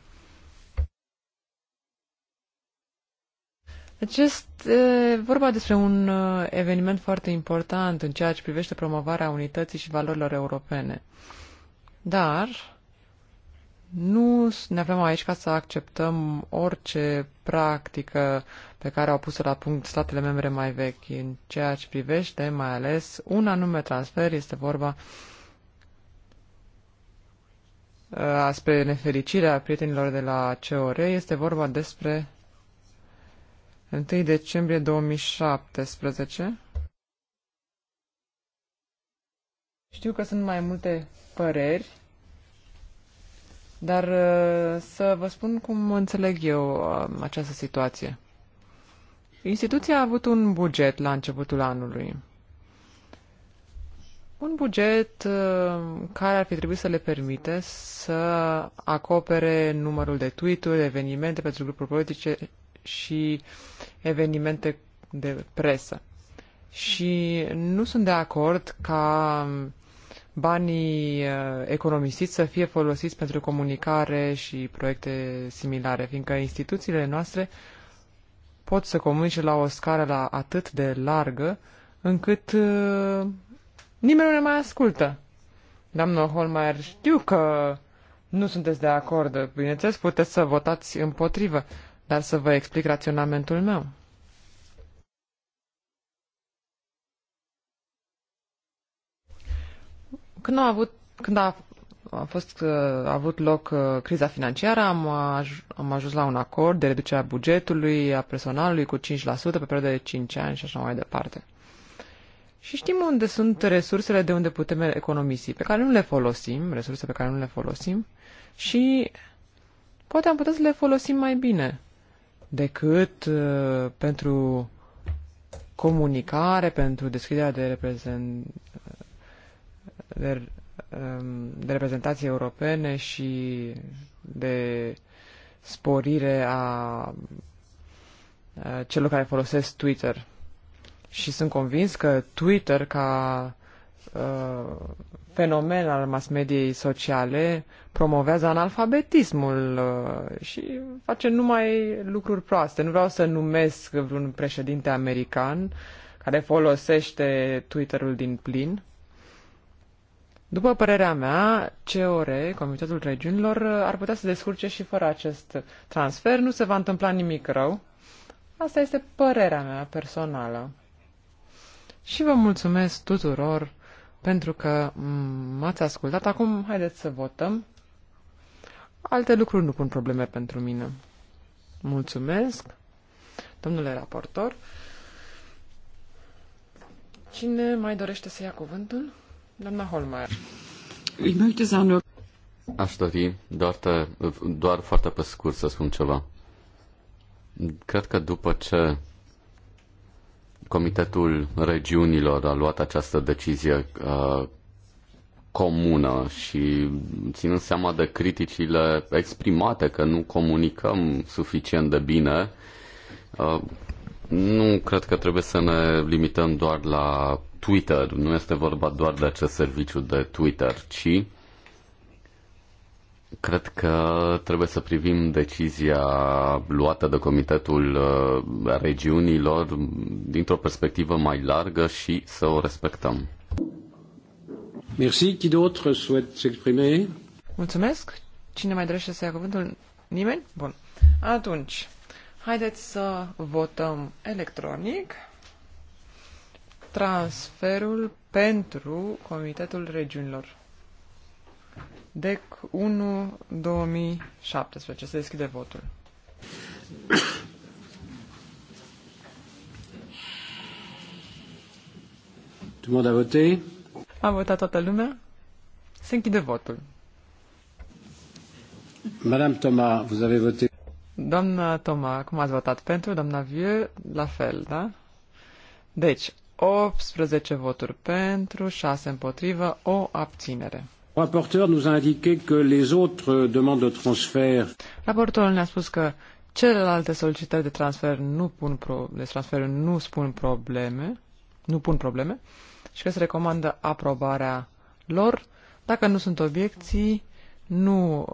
Acest e vorba despre un eveniment foarte important în ceea ce privește promovarea unității și valorilor europene. Dar nu ne aflăm aici ca să acceptăm orice practică pe care au pus-o la punct statele membre mai vechi în ceea ce privește mai ales un anume transfer, este vorba uh, spre nefericirea prietenilor de la COR, este vorba despre 1 decembrie 2017. Știu că sunt mai multe păreri dar uh, să vă spun cum înțeleg eu uh, această situație. Instituția a avut un buget la începutul anului. Un buget uh, care ar fi trebuit să le permite să acopere numărul de tweet-uri, evenimente pentru grupuri politice și evenimente de presă. Și nu sunt de acord ca banii uh, economisiți să fie folosiți pentru comunicare și proiecte similare, fiindcă instituțiile noastre pot să comunice la o scară la atât de largă încât uh, nimeni nu ne mai ascultă. Doamnă Holmeier, știu că nu sunteți de acord. Bineînțeles, puteți să votați împotrivă, dar să vă explic raționamentul meu. Când a avut, când a, a fost uh, a avut loc uh, criza financiară, am, aj, am ajuns la un acord de reducerea bugetului, a personalului cu 5% pe perioada de 5 ani și așa mai departe. Și știm unde sunt resursele de unde putem economisi, pe care nu le folosim, resurse pe care nu le folosim și poate am putea să le folosim mai bine decât uh, pentru comunicare, pentru deschiderea de reprezent, de, um, de reprezentații europene și de sporire a celor care folosesc Twitter. Și sunt convins că Twitter, ca uh, fenomen al mass mediei sociale, promovează analfabetismul uh, și face numai lucruri proaste. Nu vreau să numesc vreun președinte american care folosește Twitter-ul din plin, după părerea mea, COR, Comitetul Regiunilor, ar putea să descurce și fără acest transfer. Nu se va întâmpla nimic rău. Asta este părerea mea personală. Și vă mulțumesc tuturor pentru că m-ați ascultat. Acum haideți să votăm. Alte lucruri nu pun probleme pentru mine. Mulțumesc, domnule raportor. Cine mai dorește să ia cuvântul? Doamna Holmeier. Aș dori doar, te, doar foarte pe scurt să spun ceva. Cred că după ce Comitetul Regiunilor a luat această decizie uh, comună și ținând seama de criticile exprimate că nu comunicăm suficient de bine, uh, nu cred că trebuie să ne limităm doar la Twitter. Nu este vorba doar de acest serviciu de Twitter, ci cred că trebuie să privim decizia luată de Comitetul uh, Regiunilor dintr-o perspectivă mai largă și să o respectăm. Merci. Qui d'autre souhaite s'exprimer? Mulțumesc. Cine mai dorește să ia cuvântul? Nimeni? Bun. Atunci, haideți să votăm electronic transferul pentru Comitetul Regiunilor. DEC 1 2017. Se deschide votul. Tout a A votat toată lumea. Se închide votul. Madame Thomas, vous avez voté. Doamna Toma, cum ați votat pentru? Doamna Vieux, la fel, da? Deci, 18 voturi pentru, 6 împotrivă, o abținere. Raporteur nous a indiqué que les autres demandes de transfert. Raportorul ne-a spus că celelalte solicitări de transfer nu pun pro... de transfer nu spun probleme, nu pun probleme și că se recomandă aprobarea lor. Dacă nu sunt obiecții, nu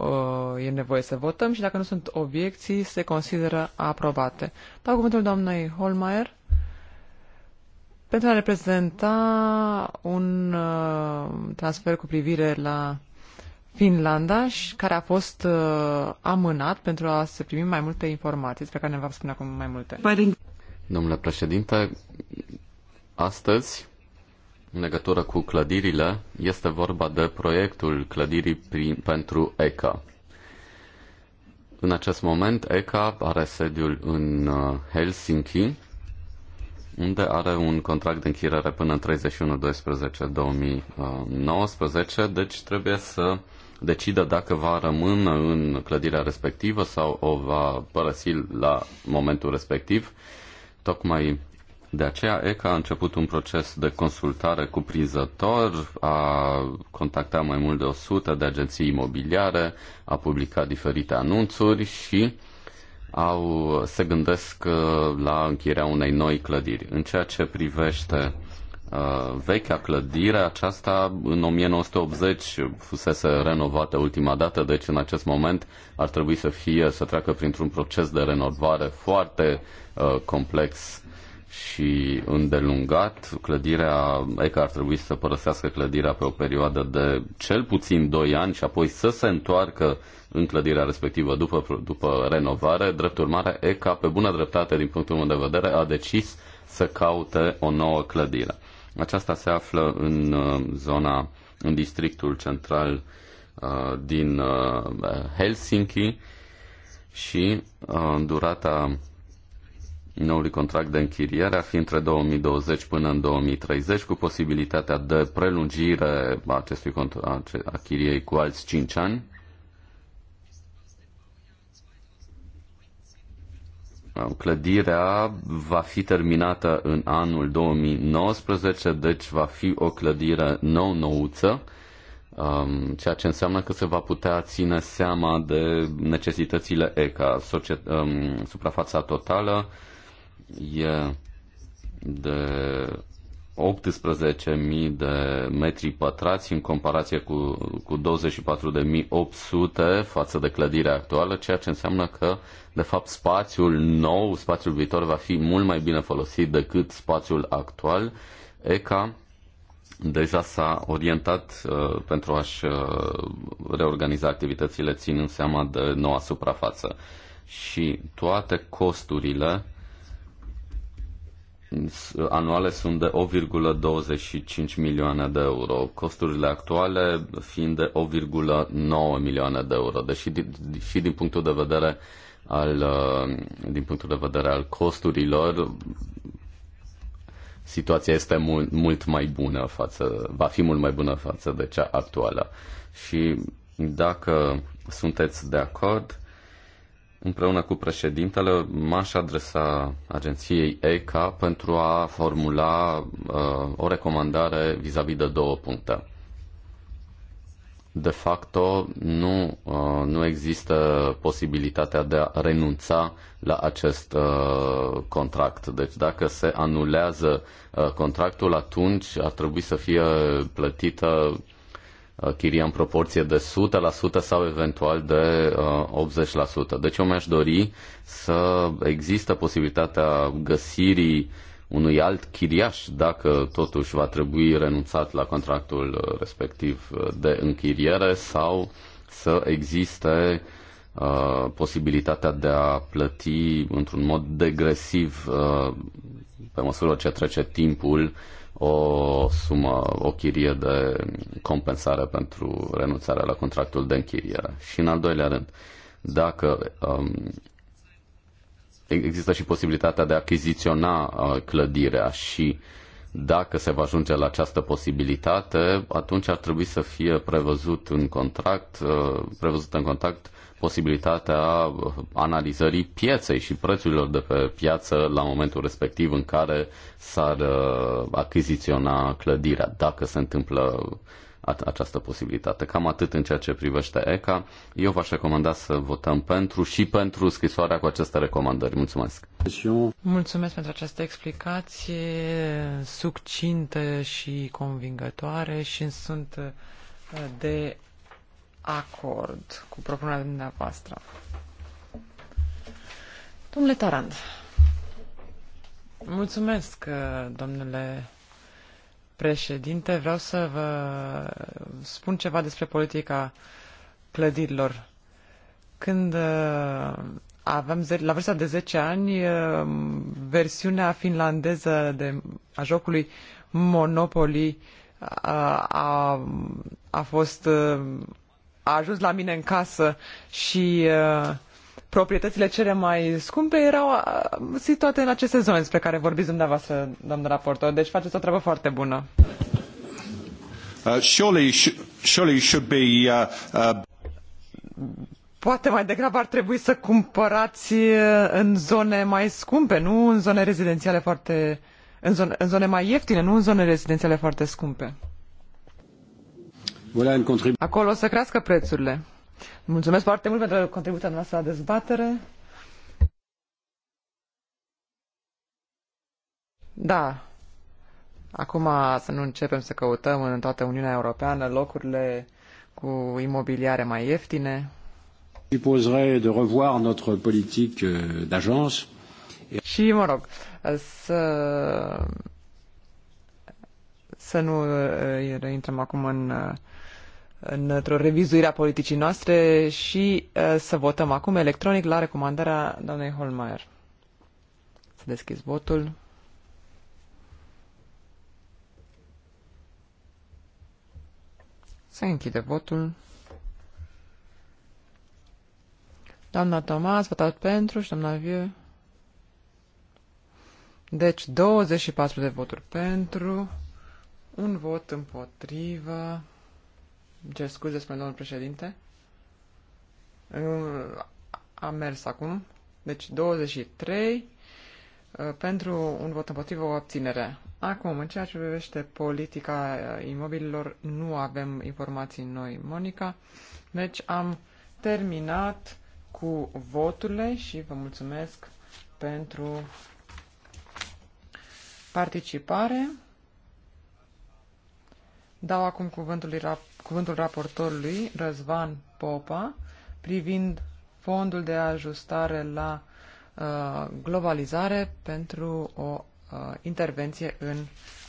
uh, e nevoie să votăm și dacă nu sunt obiecții, se consideră aprobate. Dau cuvântul doamnei Holmeier pentru a reprezenta un uh, transfer cu privire la Finlanda și care a fost uh, amânat pentru a se primi mai multe informații, despre care ne va spune acum mai multe. Domnule președinte, astăzi, în legătură cu clădirile, este vorba de proiectul clădirii prin, pentru ECA. În acest moment, ECA are sediul în uh, Helsinki, unde are un contract de închiriere până în 31-12-2019, deci trebuie să decidă dacă va rămâne în clădirea respectivă sau o va părăsi la momentul respectiv. Tocmai de aceea ECA a început un proces de consultare cuprinzător, a contactat mai mult de 100 de agenții imobiliare, a publicat diferite anunțuri și au, se gândesc uh, la închirea unei noi clădiri. În ceea ce privește uh, vechea clădire, aceasta în 1980 fusese renovată ultima dată, deci în acest moment ar trebui să fie să treacă printr-un proces de renovare foarte uh, complex și îndelungat. Clădirea ECA ar trebui să părăsească clădirea pe o perioadă de cel puțin 2 ani și apoi să se întoarcă uh, în clădirea respectivă după, după renovare. Drept urmare, ECA, pe bună dreptate din punctul meu de vedere, a decis să caute o nouă clădire. Aceasta se află în uh, zona, în districtul central uh, din uh, Helsinki și durata noului contract de închiriere ar fi între 2020 până în 2030, cu posibilitatea de prelungire a acestui a chiriei cu alți 5 ani. Clădirea va fi terminată în anul 2019, deci va fi o clădire nou-nouță, um, ceea ce înseamnă că se va putea ține seama de necesitățile ECA. Um, suprafața totală e de 18.000 de metri pătrați în comparație cu, cu 24.800 față de clădirea actuală, ceea ce înseamnă că, de fapt, spațiul nou, spațiul viitor va fi mult mai bine folosit decât spațiul actual. ECA deja s-a orientat uh, pentru a-și uh, reorganiza activitățile ținând seama de noua suprafață și toate costurile uh, anuale sunt de 8,25 milioane de euro, costurile actuale fiind de 8,9 milioane de euro. Deși deci și din punctul de vedere al, uh, din punctul de vedere al costurilor, situația este mult, mult mai bună față, va fi mult mai bună față de cea actuală. Și dacă sunteți de acord, împreună cu președintele, m-aș adresa agenției ECA pentru a formula uh, o recomandare vis-a-vis -vis de două puncte. De facto, nu, uh, nu există posibilitatea de a renunța la acest uh, contract. Deci dacă se anulează uh, contractul, atunci ar trebui să fie plătită Uh, chiria în proporție de 100% sau eventual de 80%. Uh, deci eu mi-aș dori să există posibilitatea găsirii unui alt chiriaș dacă totuși va trebui renunțat la contractul uh, respectiv de închiriere sau să existe uh, posibilitatea de a plăti într-un mod degresiv uh, pe măsură ce trece timpul o sumă, o chirie de compensare pentru renunțarea la contractul de închiriere. Și în al doilea rând, dacă um, există și posibilitatea de a achiziționa uh, clădirea și dacă se va ajunge la această posibilitate, atunci ar trebui să fie prevăzut în contract, uh, prevăzut în contract posibilitatea uh, analizării pieței și prețurilor de pe piață la momentul respectiv în care s-ar uh, achiziționa clădirea, dacă se întâmplă această posibilitate. Cam atât în ceea ce privește ECA. Eu v-aș recomanda să votăm pentru și pentru scrisoarea cu aceste recomandări. Mulțumesc! Mulțumesc pentru această explicație succintă și convingătoare și sunt uh, de acord cu propunerea dumneavoastră. Domnule Tarand, mulțumesc, domnule președinte. Vreau să vă spun ceva despre politica clădirilor. Când uh, aveam la vârsta de 10 ani, uh, versiunea finlandeză de, a jocului Monopoly a, uh, a, a fost a ajuns la mine în casă și uh, proprietățile cele mai scumpe erau uh, situate în aceste zone despre care vorbiți dumneavoastră, domnul raportor. Deci faceți o treabă foarte bună. Uh, surely, surely should be, uh, uh... Poate mai degrabă ar trebui să cumpărați uh, în zone mai scumpe, nu în zone rezidențiale foarte... În zone, în zone mai ieftine, nu în zone rezidențiale foarte scumpe. Acolo o să crească prețurile. Mulțumesc foarte mult pentru contribuția noastră la dezbatere. Da. Acum să nu începem să căutăm în toată Uniunea Europeană locurile cu imobiliare mai ieftine. Supposerait de revoir notre politique euh, d'agence. Și, mă rog, să, să nu reintrăm uh, acum în uh, într-o revizuire a politicii noastre și uh, să votăm acum electronic la recomandarea doamnei Holmeier. Să deschizi votul. Să închide votul. Doamna Tomas, votat pentru și doamna Vieu. Deci 24 de voturi pentru, un vot împotrivă. Ce scuze, spune domnul președinte. Am mers acum. Deci 23 uh, pentru un vot împotrivă o abținere. Acum, în ceea ce privește politica uh, imobililor, nu avem informații noi, Monica. Deci am terminat cu voturile și vă mulțumesc pentru participare. Dau acum cuvântul rap cuvântul raportorului Răzvan Popa privind fondul de ajustare la uh, globalizare pentru o uh, intervenție în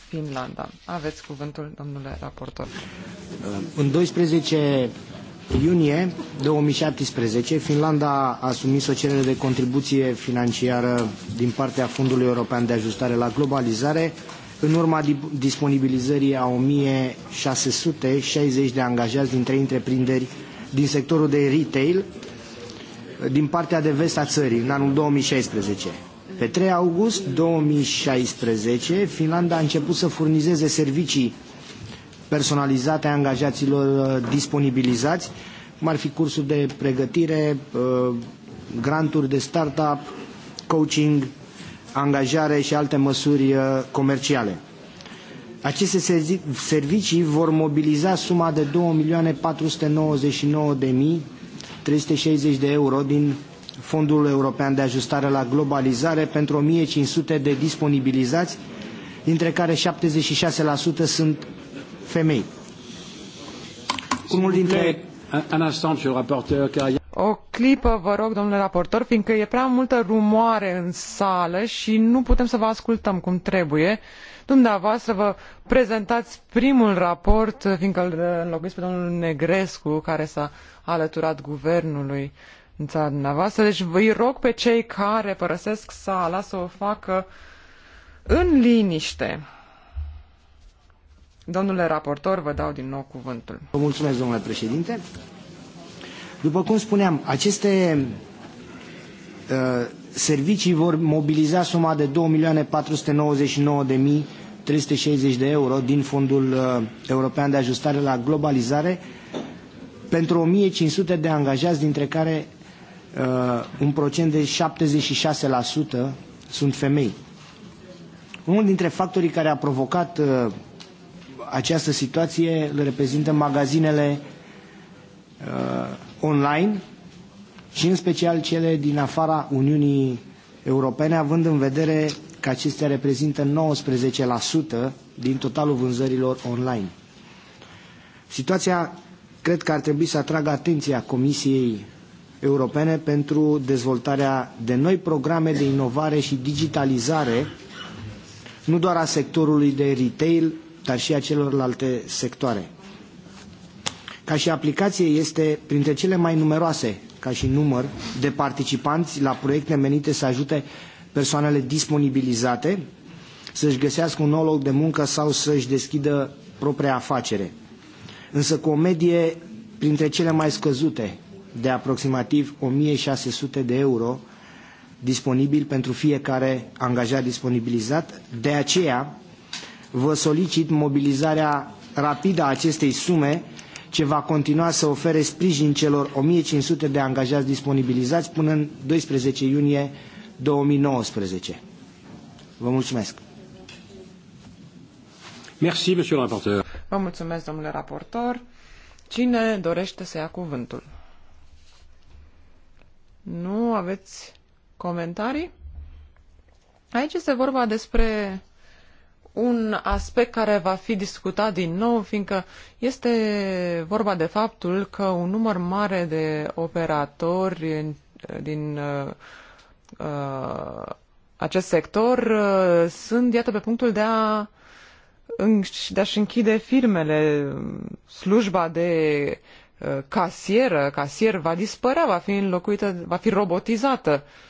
Finlanda. Aveți cuvântul, domnule raportor. Uh, în 12 iunie 2017, Finlanda a asumit o cerere de contribuție financiară din partea Fondului European de Ajustare la Globalizare în urma disponibilizării a 1660 de angajați din trei întreprinderi din sectorul de retail uh, din partea de vest a țării în anul 2016. Pe 3 august 2016, Finlanda a început să furnizeze servicii personalizate a angajaților uh, disponibilizați, cum ar fi cursuri de pregătire, uh, granturi de startup, coaching, angajare și alte măsuri uh, comerciale. Aceste servicii vor mobiliza suma de 2.499.360 de euro din Fondul European de Ajustare la Globalizare pentru 1.500 de disponibilizați, dintre care 76% sunt femei. Unul dintre... Un instant, o clipă, vă rog, domnule raportor, fiindcă e prea multă rumoare în sală și nu putem să vă ascultăm cum trebuie. Dumneavoastră vă prezentați primul raport, fiindcă îl înlocuii pe domnul Negrescu, care s-a alăturat guvernului în ara dumneavoastră. Deci vă rog pe cei care părăsesc sala să o facă în liniște. Domnule raportor, vă dau din nou cuvântul. Vă mulțumesc, domnule președinte. După cum spuneam, aceste uh, servicii vor mobiliza suma de 2.499.360 de euro din Fondul uh, European de Ajustare la Globalizare pentru 1.500 de angajați, dintre care uh, un procent de 76% sunt femei. Unul dintre factorii care a provocat uh, această situație îl reprezintă magazinele uh, online și în special cele din afara Uniunii Europene, având în vedere că acestea reprezintă 19% din totalul vânzărilor online. Situația cred că ar trebui să atragă atenția Comisiei Europene pentru dezvoltarea de noi programe de inovare și digitalizare, nu doar a sectorului de retail, dar și a celorlalte sectoare. Ca și aplicație este printre cele mai numeroase, ca și număr, de participanți la proiecte menite să ajute persoanele disponibilizate să-și găsească un nou loc de muncă sau să-și deschidă propria afacere. Însă cu o medie printre cele mai scăzute, de aproximativ 1600 de euro disponibil pentru fiecare angajat disponibilizat. De aceea vă solicit mobilizarea rapidă a acestei sume ce va continua să ofere sprijin celor 1500 de angajați disponibilizați până în 12 iunie 2019. Vă mulțumesc! Merci, monsieur le rapporteur. Vă mulțumesc, domnule raportor. Cine dorește să ia cuvântul? Nu aveți comentarii? Aici este vorba despre un aspect care va fi discutat din nou, fiindcă este vorba de faptul că un număr mare de operatori din uh, uh, acest sector uh, sunt, iată, pe punctul de a de a-și închide firmele, slujba de uh, casieră, casier va dispărea, va fi înlocuită, va fi robotizată. Uh,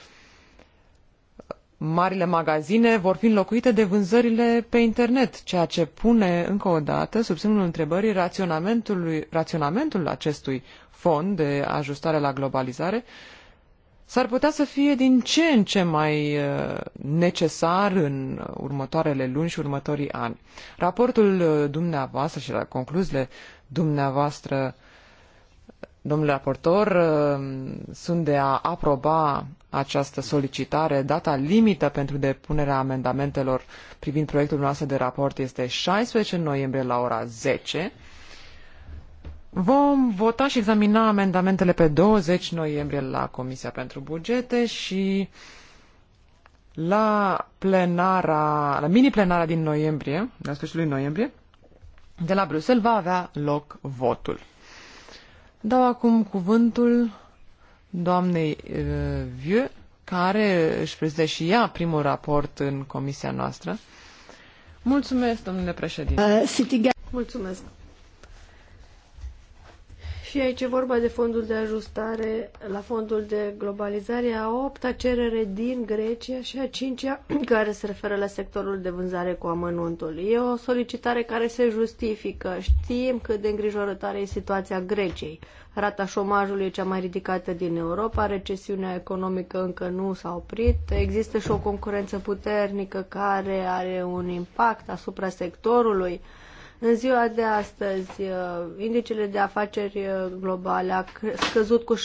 marile magazine vor fi înlocuite de vânzările pe internet, ceea ce pune încă o dată sub semnul întrebării raționamentului, raționamentul acestui fond de ajustare la globalizare, s-ar putea să fie din ce în ce mai uh, necesar în următoarele luni și următorii ani. Raportul uh, dumneavoastră și la concluziile dumneavoastră uh, Domnule raportor, uh, sunt de a aproba această solicitare. Data limită pentru depunerea amendamentelor privind proiectul nostru de raport este 16 noiembrie la ora 10. Vom vota și examina amendamentele pe 20 noiembrie la Comisia pentru Bugete și la plenara, la mini-plenara din noiembrie, la sfârșitul noiembrie, de la Bruxelles va avea loc votul. Dau acum cuvântul doamnei uh, Vieux, care își prezintă și ea primul raport în comisia noastră. Mulțumesc, domnule președinte. Uh, Mulțumesc. Fie aici e vorba de fondul de ajustare la fondul de globalizare, a opta cerere din Grecia și a cincea care se referă la sectorul de vânzare cu amănuntul. E o solicitare care se justifică. Știm cât de îngrijorătoare e situația Greciei. Rata șomajului e cea mai ridicată din Europa, recesiunea economică încă nu s-a oprit, există și o concurență puternică care are un impact asupra sectorului în ziua de astăzi, uh, indicele de afaceri uh, globale a scăzut cu 63%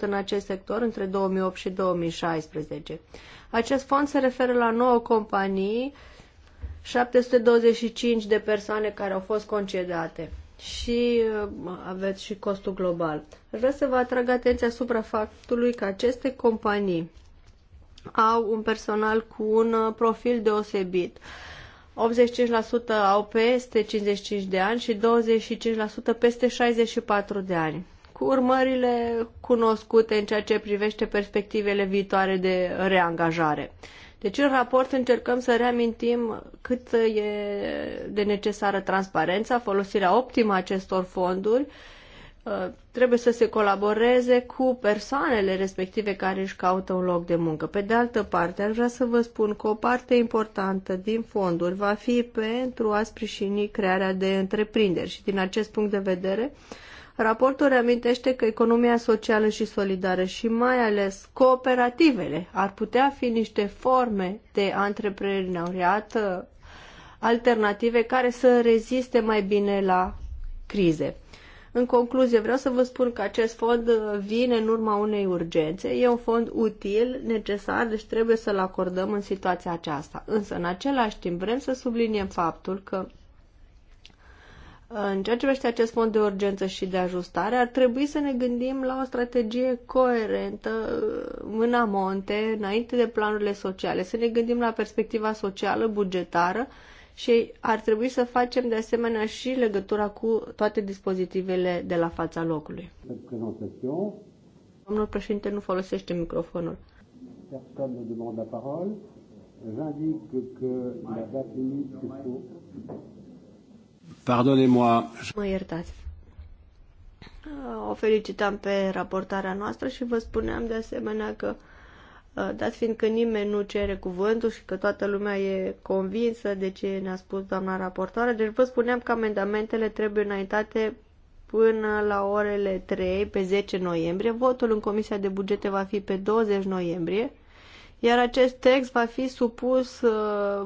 în acest sector între 2008 și 2016. Acest fond se referă la 9 companii, 725 de persoane care au fost concedate și uh, aveți și costul global. Vreau să vă atrag atenția asupra faptului că aceste companii au un personal cu un profil deosebit. Uh, 85% au peste 55 de ani și 25% peste 64 de ani, cu urmările cunoscute în ceea ce privește perspectivele viitoare de reangajare. Deci în raport încercăm să reamintim cât e de necesară transparența, folosirea optimă a acestor fonduri, uh, Uh, trebuie să se colaboreze cu persoanele respective care își caută un loc de muncă. Pe de altă parte, aș vrea să vă spun că o parte importantă din fonduri va fi pentru a sprijini crearea de întreprinderi și din acest punct de vedere, raportul reamintește că economia socială și solidară și mai ales cooperativele ar putea fi niște forme de antreprenoriat uh, alternative care să reziste mai bine la crize. În concluzie, vreau să vă spun că acest fond uh, vine în urma unei urgențe, e un fond util, necesar, deci trebuie să-l acordăm în situația aceasta. Însă, în același timp, vrem să subliniem faptul că uh, în ceea ce privește acest fond de urgență și de ajustare, ar trebui să ne gândim la o strategie coerentă în uh, amonte, înainte de planurile sociale, să ne gândim la perspectiva socială, bugetară și ar trebui să facem de asemenea și legătura cu toate dispozitivele de la fața locului. Domnul președinte nu folosește microfonul. Personne la limite moi Mă iertați. O felicitam pe raportarea noastră și vă spuneam de asemenea că Uh, dat fiind că nimeni nu cere cuvântul și că toată lumea e convinsă de ce ne-a spus doamna raportoare. Deci vă spuneam că amendamentele trebuie înaintate până la orele 3 pe 10 noiembrie. Votul în Comisia de Bugete va fi pe 20 noiembrie, iar acest text va fi supus uh,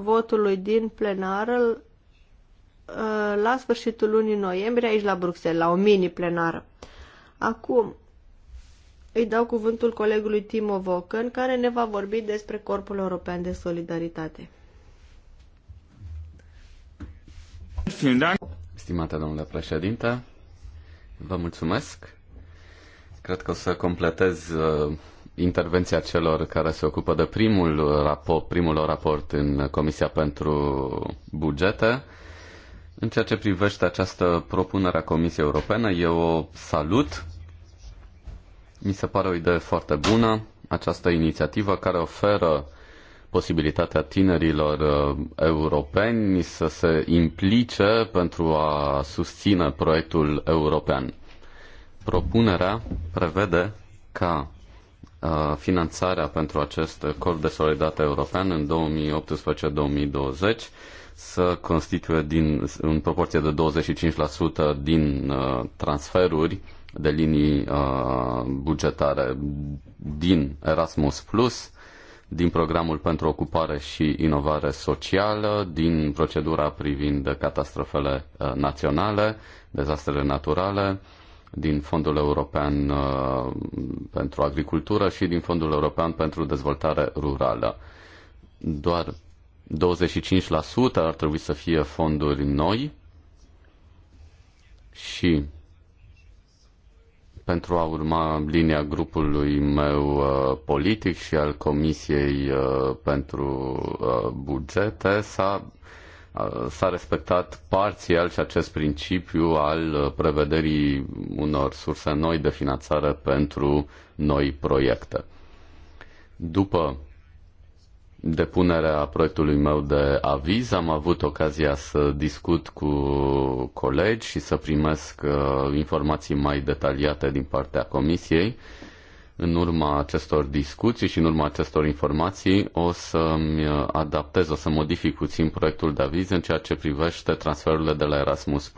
votului din plenară uh, la sfârșitul lunii noiembrie aici la Bruxelles, la o mini plenară. Acum, îi dau cuvântul colegului Timo Vocan, care ne va vorbi despre Corpul European de Solidaritate. Stimată domnule președinte, vă mulțumesc. Cred că o să completez uh, intervenția celor care se ocupă de primul raport, primul raport în Comisia pentru Bugete. În ceea ce privește această propunere a Comisiei Europene, eu o salut mi se pare o idee foarte bună această inițiativă care oferă posibilitatea tinerilor uh, europeni să se implice pentru a susține proiectul european. Propunerea prevede ca uh, finanțarea pentru acest corp de solidaritate european în 2018-2020 să constituie din, în proporție de 25% din uh, transferuri de linii uh, bugetare din Erasmus Plus, din programul pentru ocupare și inovare socială, din procedura privind catastrofele uh, naționale, dezastrele naturale, din Fondul European uh, pentru Agricultură și din Fondul European pentru Dezvoltare Rurală. Doar 25% ar trebui să fie fonduri noi și pentru a urma linia grupului meu uh, politic și al Comisiei uh, pentru uh, Bugete s-a, s-a respectat parțial și acest principiu al prevederii unor surse noi de finanțare pentru noi proiecte. După depunerea proiectului meu de aviz. Am avut ocazia să discut cu colegi și să primesc uh, informații mai detaliate din partea comisiei. În urma acestor discuții și în urma acestor informații o să-mi uh, adaptez, o să modific puțin proiectul de aviz în ceea ce privește transferurile de la Erasmus+.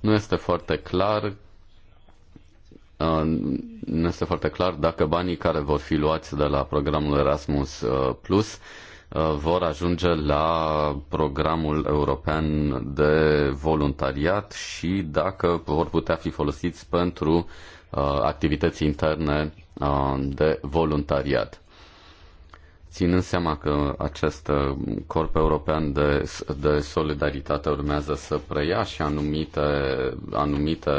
Nu este foarte clar Uh, nu este foarte clar dacă banii care vor fi luați de la programul Erasmus uh, Plus uh, vor ajunge la programul european de voluntariat și dacă vor putea fi folosiți pentru activități interne de voluntariat ținând seama că acest uh, corp european de, de solidaritate urmează să preia și anumite, anumite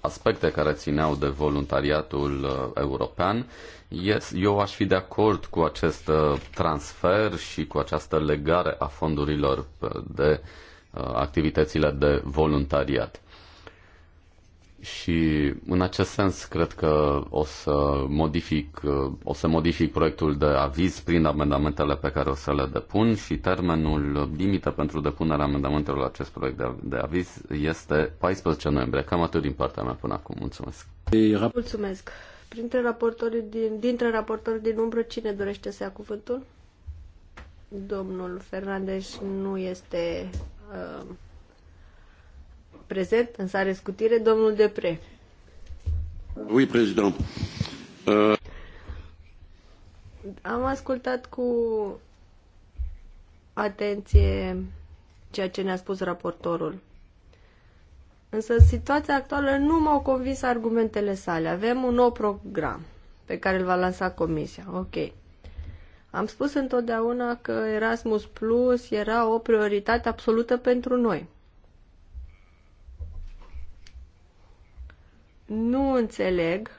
aspecte care țineau de voluntariatul uh, european, yes, eu aș fi de acord cu acest uh, transfer și cu această legare a fondurilor de activitățile de voluntariat și în acest sens cred că o să modific, o să modific proiectul de aviz prin amendamentele pe care o să le depun și termenul limită pentru depunerea amendamentelor la acest proiect de, de aviz este 14 noiembrie. Cam atât din partea mea până acum. Mulțumesc. Mulțumesc. Printre raportorii din, dintre raportorii din umbră, cine dorește să ia cuvântul? Domnul Fernandez nu este uh, Prezent în sare scutire, domnul Depre. Oui, prezident. Uh... Am ascultat cu atenție ceea ce ne-a spus raportorul. Însă situația actuală nu m-au convins argumentele sale. Avem un nou program pe care îl va lansa comisia. Ok. Am spus întotdeauna că Erasmus Plus era o prioritate absolută pentru noi. nu înțeleg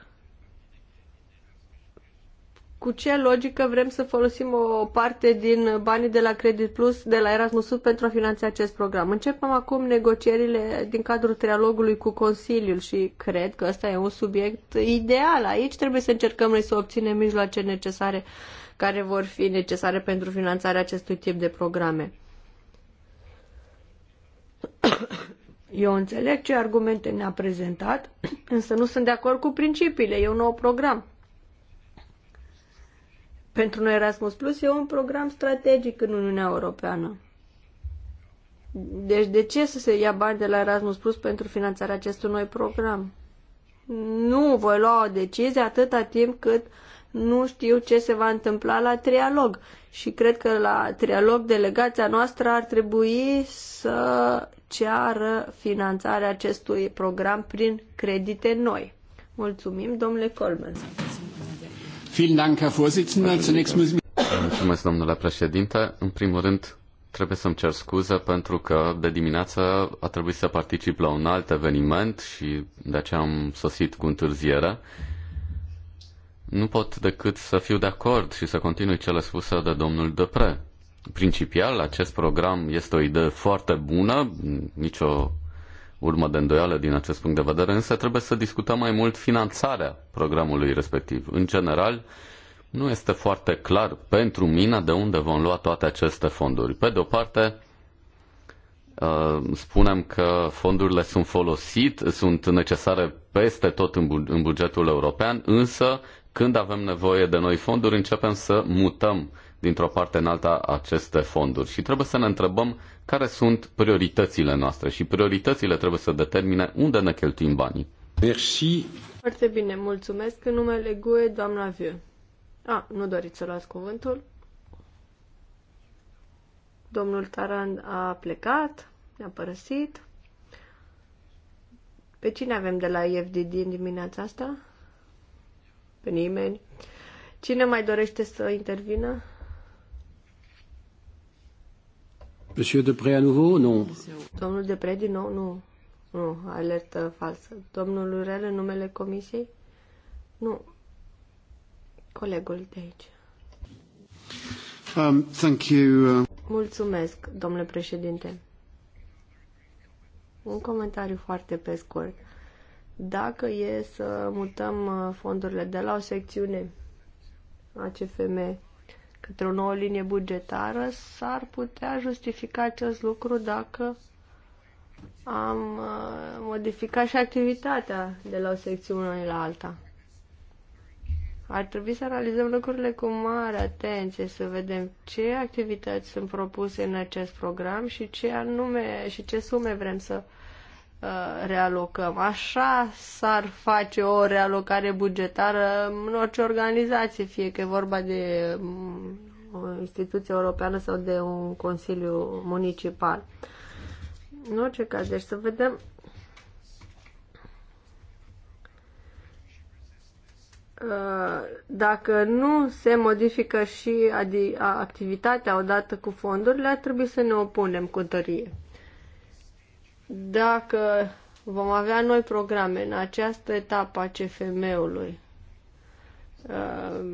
cu ce logică vrem să folosim o parte din banii de la Credit Plus, de la Erasmus pentru a finanța acest program. Începem acum negocierile din cadrul trialogului cu Consiliul și cred că ăsta e un subiect ideal. Aici trebuie să încercăm noi să obținem mijloace necesare care vor fi necesare pentru finanțarea acestui tip de programe. Eu înțeleg ce argumente ne-a prezentat, însă nu sunt de acord cu principiile. E un nou program. Pentru noi Erasmus Plus e un program strategic în Uniunea Europeană. Deci de ce să se ia bani de la Erasmus Plus pentru finanțarea acestui noi program? Nu voi lua o decizie atâta timp cât nu știu ce se va întâmpla la trialog. Și cred că la trialog delegația noastră ar trebui să ceară finanțarea acestui program prin credite noi. Mulțumim, domnule Colmen. Mulțumesc, domnule președinte. În primul rând, trebuie să-mi cer scuze pentru că de dimineață a trebuit să particip la un alt eveniment și de aceea am sosit cu întârziere. Nu pot decât să fiu de acord și să continui cele spuse de domnul Depre principial, acest program este o idee foarte bună, nicio urmă de îndoială din acest punct de vedere, însă trebuie să discutăm mai mult finanțarea programului respectiv. În general, nu este foarte clar pentru mine de unde vom lua toate aceste fonduri. Pe de o parte, uh, spunem că fondurile sunt folosit, sunt necesare peste tot în bugetul european, însă când avem nevoie de noi fonduri, începem să mutăm dintr-o parte în alta aceste fonduri și trebuie să ne întrebăm care sunt prioritățile noastre și prioritățile trebuie să determine unde ne cheltuim banii. Merci. Foarte bine, mulțumesc. În numele GUE, doamna Viu. A, nu doriți să luați cuvântul? Domnul Taran a plecat, ne-a părăsit. Pe cine avem de la IFDD în dimineața asta? Pe nimeni. Cine mai dorește să intervină? Monsieur de à nouveau? Nu. Domnul din nou? Nu. Nu, alertă falsă. Domnul Urel, în numele comisiei? Nu. Colegul de aici. Um, thank you. Uh, Mulțumesc, domnule președinte. Un comentariu foarte pe scurt. Dacă e să mutăm uh, fondurile de la o secțiune ACFM către o nouă linie bugetară, s-ar putea justifica acest lucru dacă am uh, modificat și activitatea de la o secțiune la alta. Ar trebui să analizăm lucrurile cu mare atenție, să vedem ce activități sunt propuse în acest program și ce anume și ce sume vrem să uh, Uh, realocăm. Așa s-ar face o realocare bugetară în orice organizație, fie că e vorba de mm, o instituție europeană sau de un consiliu municipal. În orice caz, deci să vedem uh, dacă nu se modifică și activitatea odată cu fondurile, ar trebui să ne opunem cu tărie dacă vom avea noi programe în această etapă a CFM-ului uh,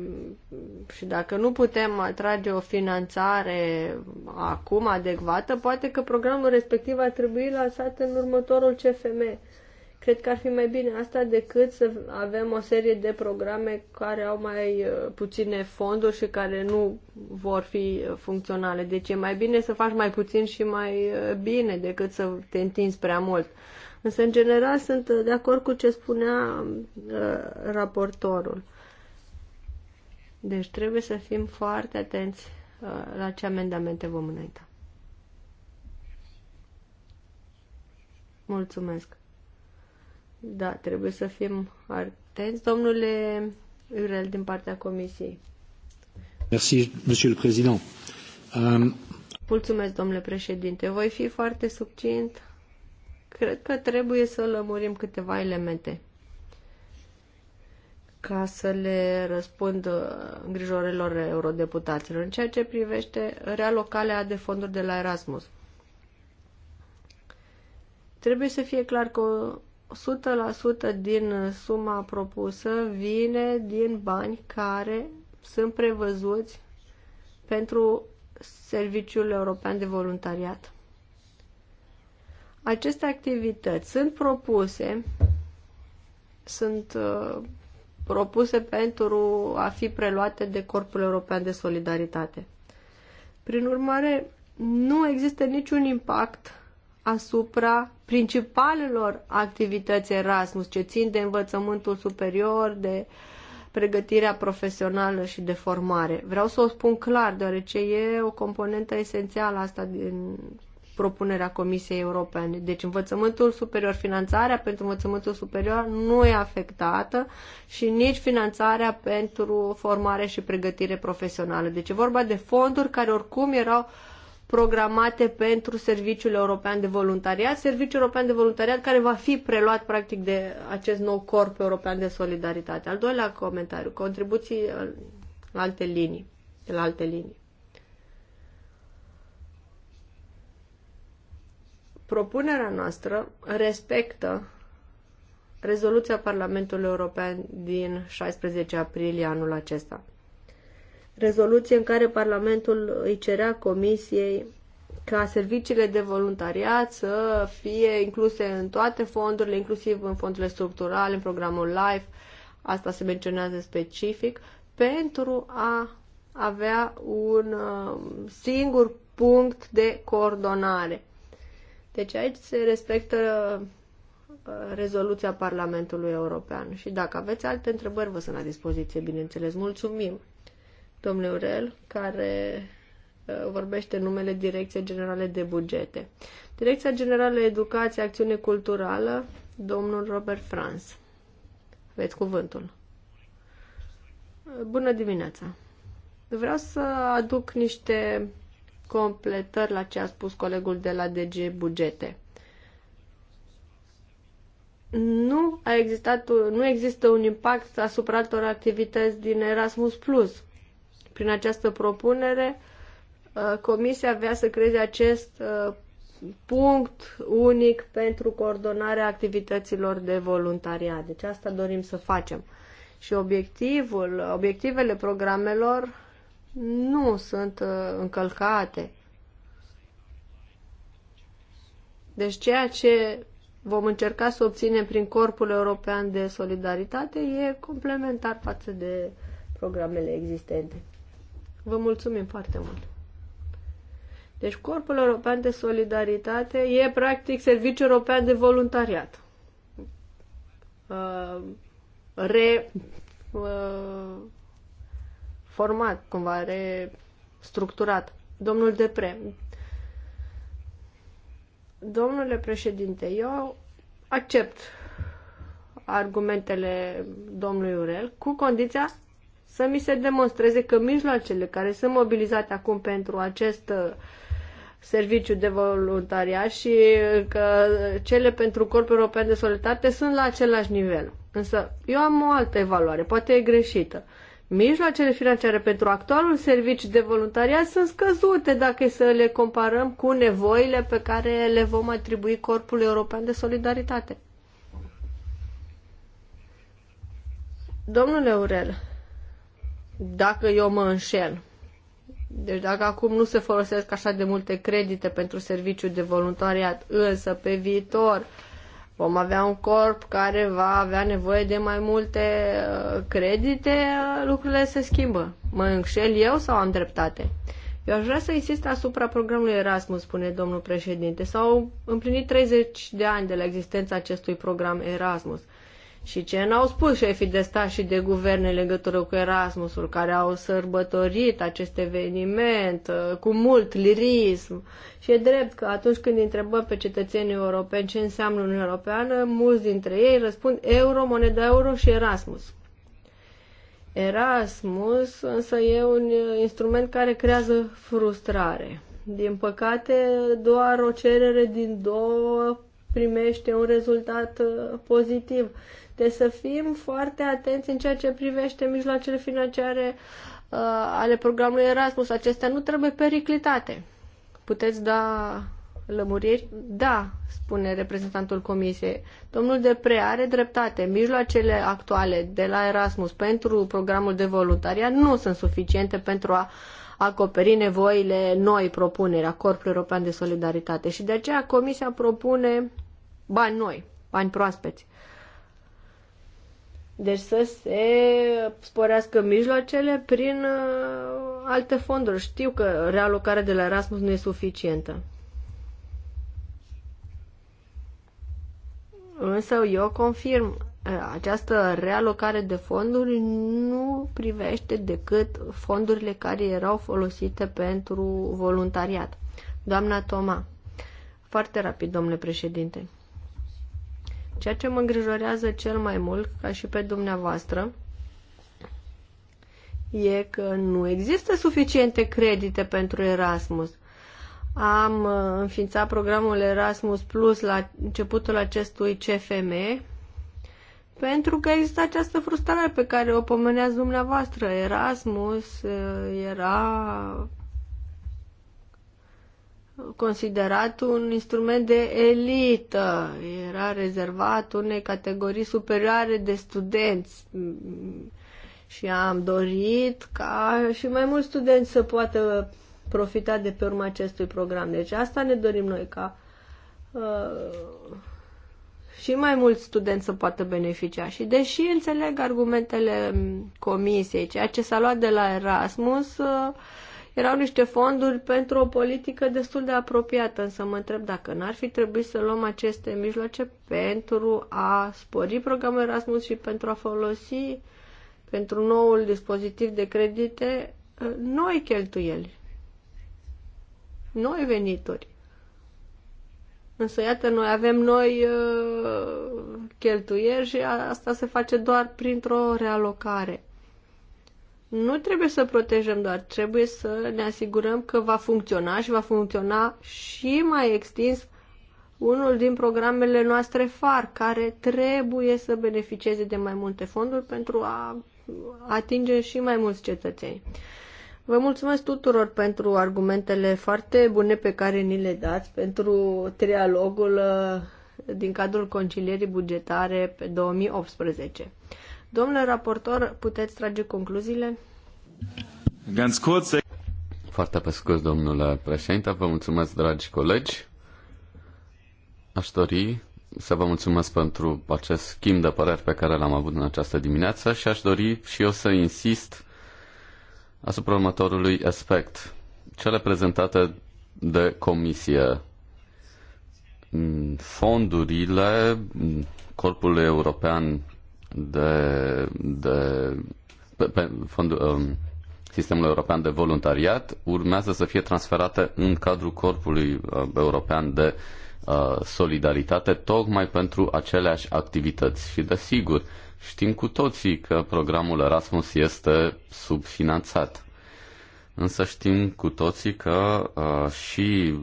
și dacă nu putem atrage o finanțare acum adecvată, poate că programul respectiv ar trebui lansat în următorul CFM. Cred că ar fi mai bine asta decât să avem o serie de programe care au mai uh, puține fonduri și care nu vor fi uh, funcționale. Deci e mai bine să faci mai puțin și mai uh, bine decât să te întinzi prea mult. Însă, în general, sunt de acord cu ce spunea uh, raportorul. Deci trebuie să fim foarte atenți uh, la ce amendamente vom înainta. Mulțumesc. Da, trebuie să fim atenți. Domnule Urel, din partea Comisiei. Merci, Monsieur le Président. Um... Mulțumesc, domnule președinte. Voi fi foarte subțint. Cred că trebuie să lămurim câteva elemente ca să le răspund îngrijorilor eurodeputaților în ceea ce privește realocarea de fonduri de la Erasmus. Trebuie să fie clar că 100% din suma propusă vine din bani care sunt prevăzuți pentru Serviciul European de Voluntariat. Aceste activități sunt propuse, sunt uh, propuse pentru a fi preluate de Corpul European de Solidaritate. Prin urmare, nu există niciun impact asupra principalelor activități Erasmus, ce țin de învățământul superior, de pregătirea profesională și de formare. Vreau să o spun clar, deoarece e o componentă esențială asta din propunerea Comisiei Europene. Deci învățământul superior, finanțarea pentru învățământul superior nu e afectată și nici finanțarea pentru formare și pregătire profesională. Deci e vorba de fonduri care oricum erau uh, programate pentru Serviciul European de Voluntariat, Serviciul European de Voluntariat care va fi preluat practic de acest nou corp european de solidaritate. Al doilea comentariu, contribuții la alte linii, de la alte linii. Propunerea noastră respectă rezoluția Parlamentului European din 16 aprilie anul acesta rezoluție în care Parlamentul îi cerea Comisiei ca serviciile de voluntariat să fie incluse în toate fondurile, inclusiv în fondurile structurale, în programul LIFE, asta se menționează specific, pentru a avea un um, singur punct de coordonare. Deci aici se respectă uh, rezoluția Parlamentului European. Și dacă aveți alte întrebări, vă sunt la dispoziție, bineînțeles. Mulțumim! domnului Urel, care uh, vorbește numele Direcției Generale de Bugete. Direcția Generală Educație, Acțiune Culturală, domnul Robert Franz. Aveți cuvântul. Uh, bună dimineața! Vreau să aduc niște completări la ce a spus colegul de la DG Bugete. Nu, a existat, nu există un impact asupra altor activități din Erasmus Plus prin această propunere, uh, Comisia avea să creeze acest uh, punct unic pentru coordonarea activităților de voluntariat. Deci asta dorim să facem. Și obiectivul, obiectivele programelor nu sunt uh, încălcate. Deci ceea ce vom încerca să obținem prin Corpul European de Solidaritate e complementar față de programele existente. Vă mulțumim foarte mult! Deci Corpul European de Solidaritate e practic Serviciul European de Voluntariat. Uh, re uh, format, cumva restructurat. Domnul Depre. Domnule președinte, eu accept argumentele domnului Urel cu condiția să mi se demonstreze că mijloacele care sunt mobilizate acum pentru acest uh, serviciu de voluntariat și uh, că cele pentru Corpul European de Solidaritate sunt la același nivel. Însă eu am o altă evaluare, poate e greșită. Mijloacele financiare pentru actualul serviciu de voluntariat sunt scăzute dacă e să le comparăm cu nevoile pe care le vom atribui Corpul European de Solidaritate. Domnule Urel, dacă eu mă înșel. Deci dacă acum nu se folosesc așa de multe credite pentru serviciu de voluntariat, însă pe viitor vom avea un corp care va avea nevoie de mai multe uh, credite, uh, lucrurile se schimbă. Mă înșel eu sau am dreptate? Eu aș vrea să insist asupra programului Erasmus, spune domnul președinte. S-au împlinit 30 de ani de la existența acestui program Erasmus. Și ce n-au spus șefii de stat și de guvern în legătură cu Erasmusul, care au sărbătorit acest eveniment uh, cu mult lirism. Și e drept că atunci când întrebăm pe cetățenii europeni ce înseamnă Uniunea Europeană, mulți dintre ei răspund euro, moneda euro și Erasmus. Erasmus însă e un uh, instrument care creează frustrare. Din păcate, doar o cerere din două primește un rezultat uh, pozitiv. Deci să fim foarte atenți în ceea ce privește mijloacele financiare uh, ale programului Erasmus. Acestea nu trebuie periclitate. Puteți da lămuriri? Da, spune reprezentantul comisiei. Domnul Depre are dreptate. Mijloacele actuale de la Erasmus pentru programul de voluntariat nu sunt suficiente pentru a acoperi nevoile noi propuneri a Corpului European de Solidaritate și de aceea Comisia propune bani noi, bani proaspeți. Deci să se sporească mijloacele prin uh, alte fonduri. Știu că realocarea de la Erasmus nu e suficientă. Însă eu confirm, uh, această realocare de fonduri nu privește decât fondurile care erau folosite pentru voluntariat. Doamna Toma, foarte rapid, domnule președinte. Ceea ce mă îngrijorează cel mai mult, ca și pe dumneavoastră, e că nu există suficiente credite pentru Erasmus. Am uh, înființat programul Erasmus Plus la începutul acestui CFM pentru că există această frustrare pe care o pomeneați dumneavoastră. Erasmus uh, era considerat un instrument de elită, era rezervat unei categorii superioare de studenți și am dorit ca și mai mulți studenți să poată profita de pe urma acestui program. Deci asta ne dorim noi, ca uh, și mai mulți studenți să poată beneficia. Și deși înțeleg argumentele comisiei, ceea ce s-a luat de la Erasmus, uh, erau niște fonduri pentru o politică destul de apropiată, însă mă întreb dacă n-ar fi trebuit să luăm aceste mijloace pentru a spori programul Erasmus și pentru a folosi pentru noul dispozitiv de credite uh, noi cheltuieli, noi venituri. Însă, iată, noi avem noi uh, cheltuieri și asta se face doar printr-o realocare nu trebuie să protejăm doar, trebuie să ne asigurăm că va funcționa și va funcționa și mai extins unul din programele noastre FAR, care trebuie să beneficieze de mai multe fonduri pentru a atinge și mai mulți cetățeni. Vă mulțumesc tuturor pentru argumentele foarte bune pe care ni le dați, pentru trialogul uh, din cadrul concilierii bugetare pe 2018. Domnule raportor, puteți trage concluziile? Ganz kurz. Foarte pe scurt, domnule președinte, vă mulțumesc, dragi colegi. Aș dori să vă mulțumesc pentru acest schimb de păreri pe care l-am avut în această dimineață și aș dori și eu să insist asupra următorului aspect. Cele prezentate de comisie, fondurile Corpului European de, de pe, pe fondul, um, sistemul european de voluntariat urmează să fie transferate în cadrul corpului uh, european de uh, solidaritate tocmai pentru aceleași activități. Și desigur, știm cu toții că programul Erasmus este subfinanțat. Însă știm cu toții că uh, și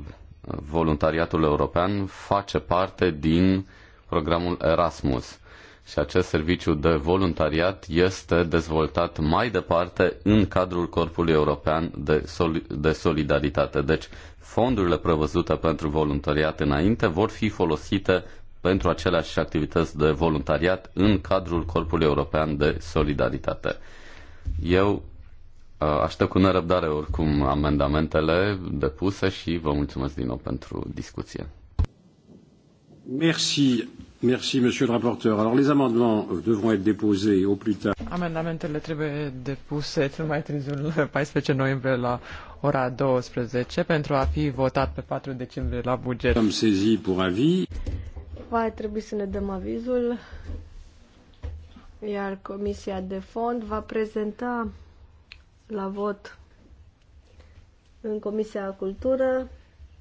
voluntariatul european face parte din programul Erasmus și acest serviciu de voluntariat este dezvoltat mai departe în cadrul Corpului European de, Sol- de Solidaritate. Deci, fondurile prevăzute pentru voluntariat înainte vor fi folosite pentru aceleași activități de voluntariat în cadrul Corpului European de Solidaritate. Eu aștept cu nerăbdare oricum amendamentele depuse și vă mulțumesc din nou pentru discuție. Merci. Merci, monsieur le rapporteur. Alors, les amendements euh, devront être déposés au plus tard. Amendamentele trebuie depuse cel mai târziu 14 noiembrie la ora 12 pentru a fi votat pe 4 decembrie la buget. Am sezi pour avis. Va trebui să ne dăm avizul, iar Comisia de Fond va prezenta la vot în Comisia Cultură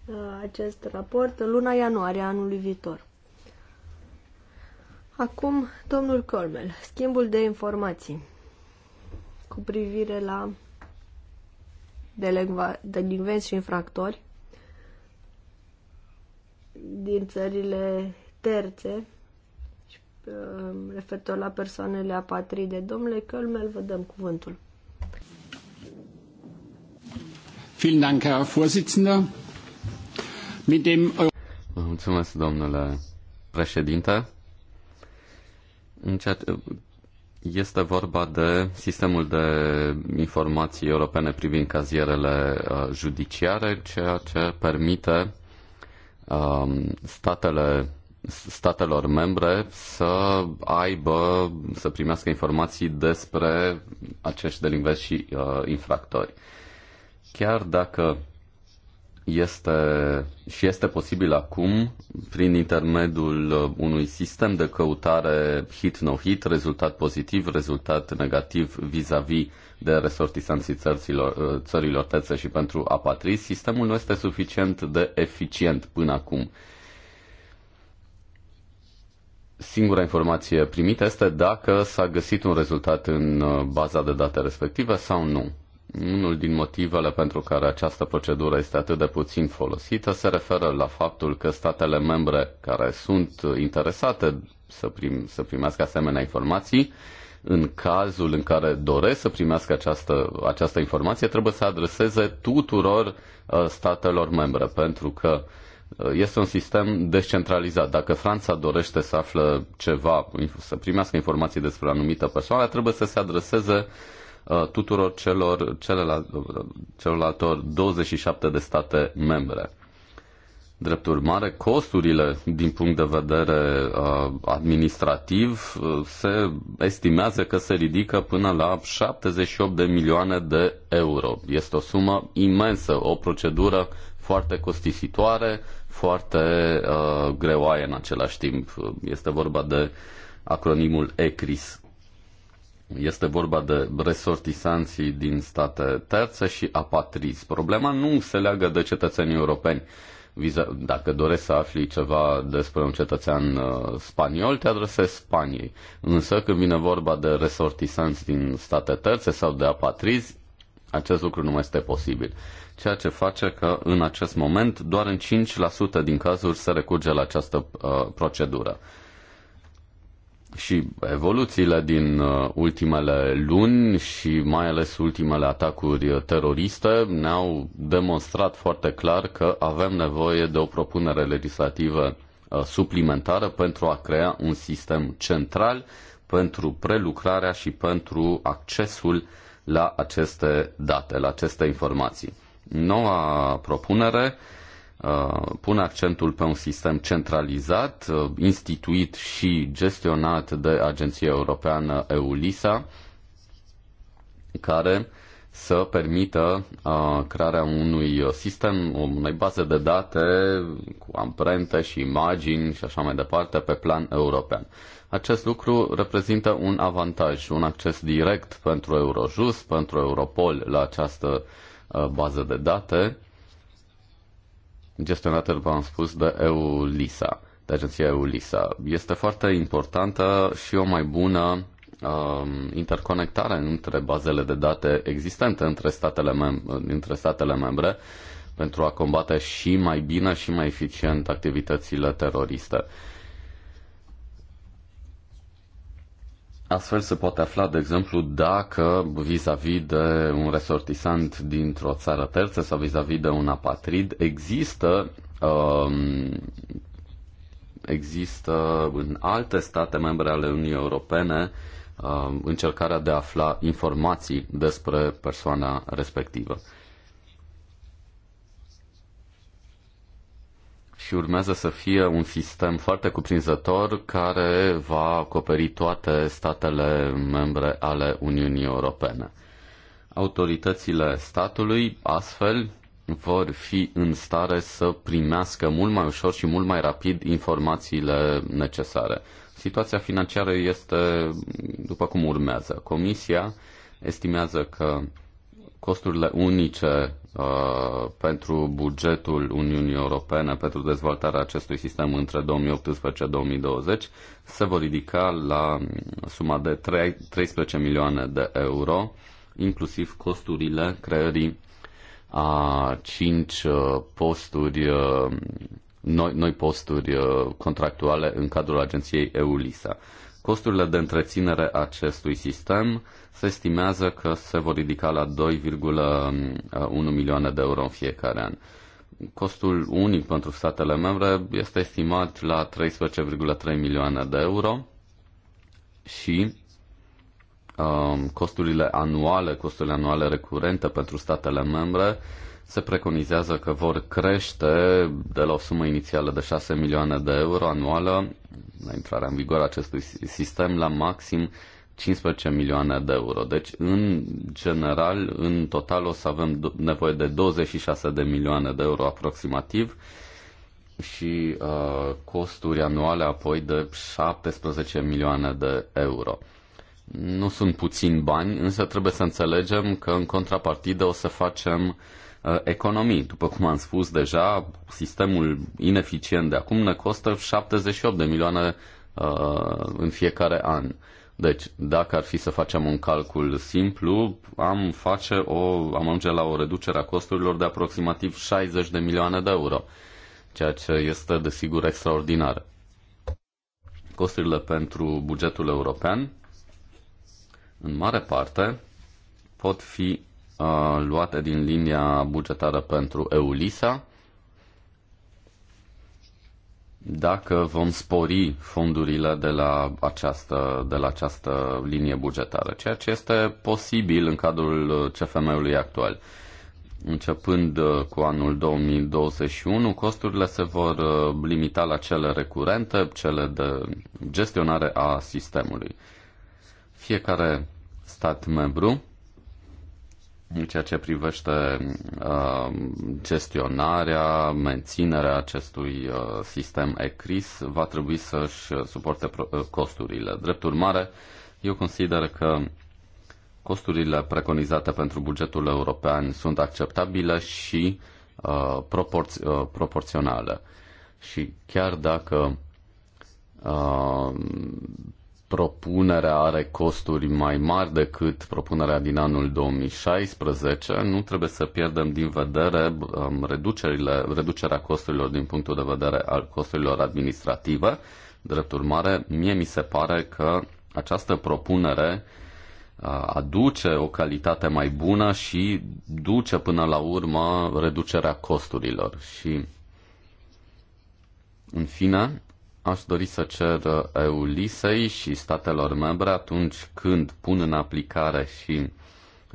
uh, acest raport luna ianuarie anului viitor. Acum, domnul Colmel, schimbul de informații cu privire la delinvenți și infractori din țările terțe și uh, referitor la persoanele apatride. Domnule Colmel, vă dăm cuvântul. Mulțumesc, domnule președinte. Este vorba de sistemul de informații europene privind cazierele uh, judiciare, ceea ce permite um, statele, statelor membre să aibă, să primească informații despre acești delinvenți și uh, infractori. Chiar dacă este și este posibil acum prin intermediul uh, unui sistem de căutare hit-no-hit, rezultat pozitiv, rezultat negativ vis-a-vis -vis de resortisanții țărților, uh, țărilor terțe și pentru apatrizi. Sistemul nu este suficient de eficient până acum. Singura informație primită este dacă s-a găsit un rezultat în uh, baza de date respectivă sau nu unul din motivele pentru care această procedură este atât de puțin folosită se referă la faptul că statele membre care sunt interesate să, prim, să primească asemenea informații, în cazul în care doresc să primească această, această informație, trebuie să adreseze tuturor uh, statelor membre, pentru că uh, este un sistem descentralizat. Dacă Franța dorește să află ceva, să primească informații despre o anumită persoană, trebuie să se adreseze uh, Uh, tuturor celor, uh, celorlaltor 27 de state membre. Drept urmare, costurile din punct de vedere uh, administrativ uh, se estimează că se ridică până la 78 de milioane de euro. Este o sumă imensă, o procedură foarte costisitoare, foarte uh, greoaie în același timp. Este vorba de acronimul ECRIS. Este vorba de resortisanții din state terțe și apatrizi. Problema nu se leagă de cetățenii europeni. Dacă doresc să afli ceva despre un cetățean uh, spaniol, te adresezi Spaniei. Însă când vine vorba de resortisanți din state terțe sau de apatrizi, acest lucru nu mai este posibil. Ceea ce face că în acest moment doar în 5% din cazuri se recurge la această uh, procedură și evoluțiile din uh, ultimele luni și mai ales ultimele atacuri teroriste ne-au demonstrat foarte clar că avem nevoie de o propunere legislativă uh, suplimentară pentru a crea un sistem central pentru prelucrarea și pentru accesul la aceste date, la aceste informații. Noua propunere uh, Uh, pune accentul pe un sistem centralizat, uh, instituit și gestionat de Agenția Europeană EULISA, care să permită uh, crearea unui sistem, unei baze de date cu amprente și imagini și așa mai departe pe plan european. Acest lucru reprezintă un avantaj, un acces direct pentru Eurojust, pentru Europol la această bază de date, gestionată, v-am spus, de EULISA, de agenția EULISA. Este foarte importantă și o mai bună um, interconectare între bazele de date existente între statele, mem- între statele membre pentru a combate și mai bine și mai eficient activitățile teroriste. Astfel se poate afla, de exemplu, dacă vis-a-vis -vis de un resortisant dintr-o țară terță sau vis-a-vis -vis de un apatrid există um, există în alte state membre ale Uniunii Europene um, încercarea de a afla informații despre persoana respectivă. și urmează să fie un sistem foarte cuprinzător care va acoperi toate statele membre ale Uniunii Europene. Autoritățile statului astfel vor fi în stare să primească mult mai ușor și mult mai rapid informațiile necesare. Situația financiară este după cum urmează. Comisia estimează că costurile unice uh, pentru bugetul Uniunii Europene pentru dezvoltarea acestui sistem între 2018-2020 se vor ridica la suma de 3, 13 milioane de euro, inclusiv costurile creării a 5 uh, posturi, uh, noi, noi posturi uh, contractuale în cadrul agenției EULISA. Costurile de întreținere a acestui sistem uh, se estimează că se vor ridica la 2,1 milioane de euro în fiecare an. Costul unic pentru statele membre este estimat la 13,3 milioane de euro și um, costurile anuale, costurile anuale recurente pentru statele membre se preconizează că vor crește de la o sumă inițială de 6 milioane de euro anuală la intrarea în vigoare acestui sistem la maxim 15 milioane de euro. Deci, în general, în total o să avem nevoie de 26 de milioane de euro aproximativ și uh, costuri anuale apoi de 17 milioane de euro. Nu sunt puțini bani, însă trebuie să înțelegem că în contrapartidă o să facem uh, economii. După cum am spus deja, sistemul ineficient de acum ne costă 78 de milioane uh, în fiecare an. Uh, deci, dacă ar fi să facem un calcul simplu, am face o, am ajunge la o reducere a costurilor de aproximativ 60 de milioane de euro, ceea ce este desigur extraordinar. Costurile pentru bugetul european, în mare parte, pot fi uh, luate din linia bugetară pentru EULISA, dacă vom spori fondurile de la această, de la această linie bugetară, ceea ce este posibil în cadrul CFM-ului actual. Începând uh, cu anul 2021, costurile se vor uh, limita la cele recurente, cele de gestionare a sistemului. Fiecare stat membru în ceea ce privește uh, gestionarea, menținerea acestui uh, sistem ECRIS, va trebui să-și suporte uh, costurile. Drept urmare, eu consider că costurile preconizate pentru bugetul european sunt acceptabile și uh, uh, proporționale. Și chiar dacă uh, propunerea are costuri mai mari decât propunerea din anul 2016, nu trebuie să pierdem din vedere um, reducerile, reducerea costurilor din punctul de vedere al costurilor administrative. Drept urmare, mie mi se pare că această propunere uh, aduce o calitate mai bună și duce până la urmă reducerea costurilor. Și în fine, Aș dori să cer uh, EULISEI și statelor membre atunci când pun în aplicare și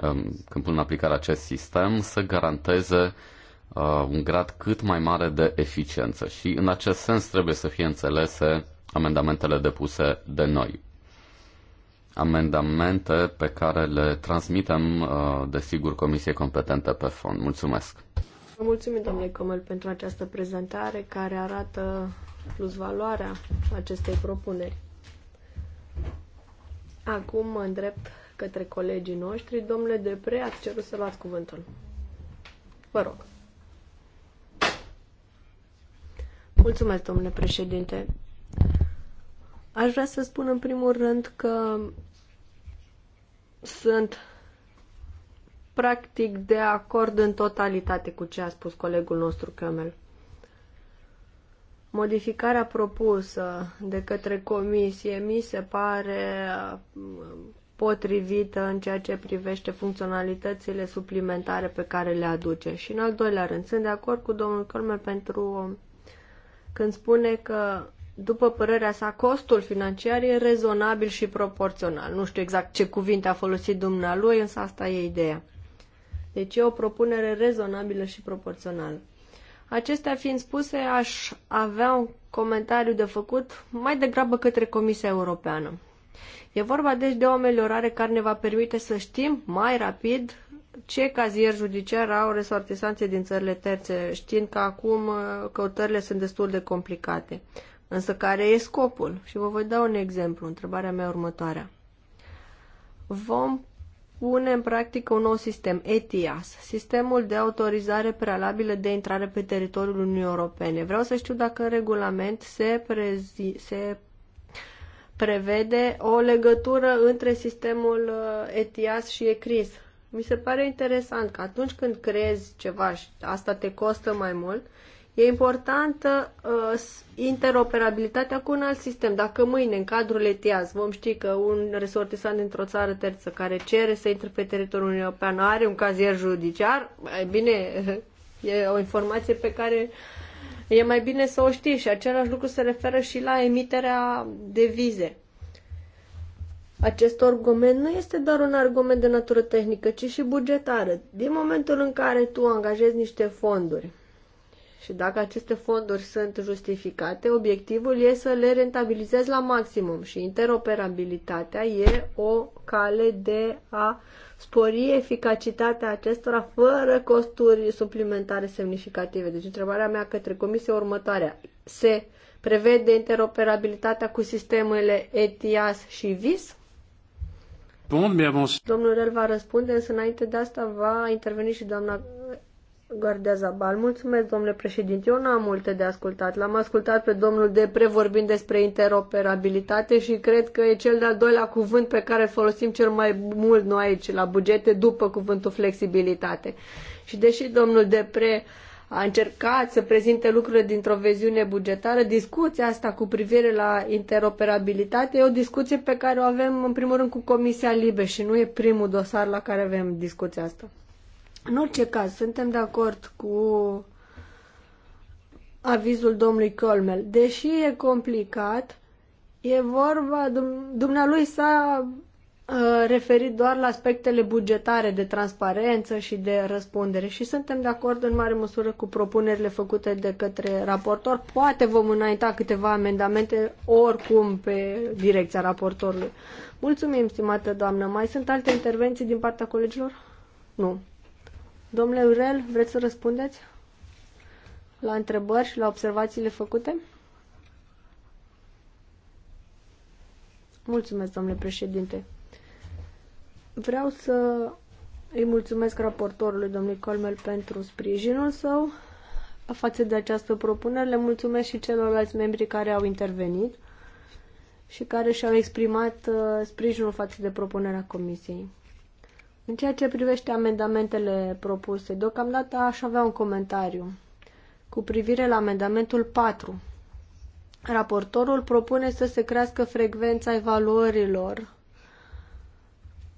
um, când pun în aplicare acest sistem să garanteze uh, un grad cât mai mare de eficiență și în acest sens trebuie să fie înțelese amendamentele depuse de noi. Amendamente pe care le transmitem, uh, desigur, Comisiei competente pe fond. Mulțumesc! Mulțumim, domnule Comel, pentru această prezentare care arată plus valoarea acestei propuneri. Acum mă îndrept către colegii noștri. Domnule Depre, ați cerut să luați cuvântul. Vă rog. Mulțumesc, domnule președinte. Aș vrea să spun în primul rând că sunt practic de acord în totalitate cu ce a spus colegul nostru Cămel. Modificarea propusă de către comisie mi se pare uh, potrivită în ceea ce privește funcționalitățile suplimentare pe care le aduce. Și în al doilea rând, sunt de acord cu domnul Cormer pentru uh, când spune că după părerea sa, costul financiar e rezonabil și proporțional. Nu știu exact ce cuvinte a folosit dumnealui, însă asta e ideea. Deci e o propunere rezonabilă și proporțională. Acestea fiind spuse, aș avea un comentariu de făcut mai degrabă către Comisia Europeană. E vorba deci de o ameliorare care ne va permite să știm mai rapid ce cazieri judiciari au resortisanțe din țările terțe, știind că acum uh, căutările sunt destul de complicate. Însă care e scopul? Și vă voi da un exemplu, întrebarea mea următoarea. Vom pune în practică un nou sistem, ETIAS, sistemul de autorizare prealabilă de intrare pe teritoriul Uniunii Europene. Vreau să știu dacă în regulament se, prezi, se prevede o legătură între sistemul uh, ETIAS și ECRIS. Mi se pare interesant că atunci când creezi ceva și asta te costă mai mult, E importantă uh, interoperabilitatea cu un alt sistem. Dacă mâine, în cadrul ETIAS, vom ști că un resortisant dintr-o țară terță care cere să intre pe teritoriul Uniunii Europeană are un cazier judiciar, e bine, e o informație pe care e mai bine să o știi și același lucru se referă și la emiterea de vize. Acest argument nu este doar un argument de natură tehnică, ci și bugetară. Din momentul în care tu angajezi niște fonduri și dacă aceste fonduri sunt justificate, obiectivul e să le rentabilizezi la maximum și interoperabilitatea e o cale de a spori eficacitatea acestora fără costuri suplimentare semnificative. Deci întrebarea mea către comisie următoarea. Se prevede interoperabilitatea cu sistemele ETIAS și VIS? Bun, mi Domnul El va răspunde, însă înainte de asta va interveni și doamna Gardeza Bal. Mulțumesc, domnule președinte. Eu n-am multe de ascultat. L-am ascultat pe domnul Depre vorbind despre interoperabilitate și cred că e cel de-al doilea cuvânt pe care îl folosim cel mai mult noi aici, la bugete, după cuvântul flexibilitate. Și deși domnul Depre a încercat să prezinte lucrurile dintr-o veziune bugetară, discuția asta cu privire la interoperabilitate e o discuție pe care o avem în primul rând cu Comisia Libe și nu e primul dosar la care avem discuția asta. În orice caz, suntem de acord cu avizul domnului Colmel. Deși e complicat, e vorba, dumnealui s-a uh, referit doar la aspectele bugetare de transparență și de răspundere și suntem de acord în mare măsură cu propunerile făcute de către raportor. Poate vom înainta câteva amendamente oricum pe direcția raportorului. Mulțumim, stimată doamnă. Mai sunt alte intervenții din partea colegilor? Nu. Domnule Urel, vreți să răspundeți la întrebări și la observațiile făcute? Mulțumesc, domnule președinte. Vreau să îi mulțumesc raportorului, domnului Colmel, pentru sprijinul său față de această propunere. Le mulțumesc și celorlalți membri care au intervenit și care și-au exprimat uh, sprijinul față de propunerea comisiei. În ceea ce privește amendamentele propuse, deocamdată aș avea un comentariu cu privire la amendamentul 4. Raportorul propune să se crească frecvența evaluărilor.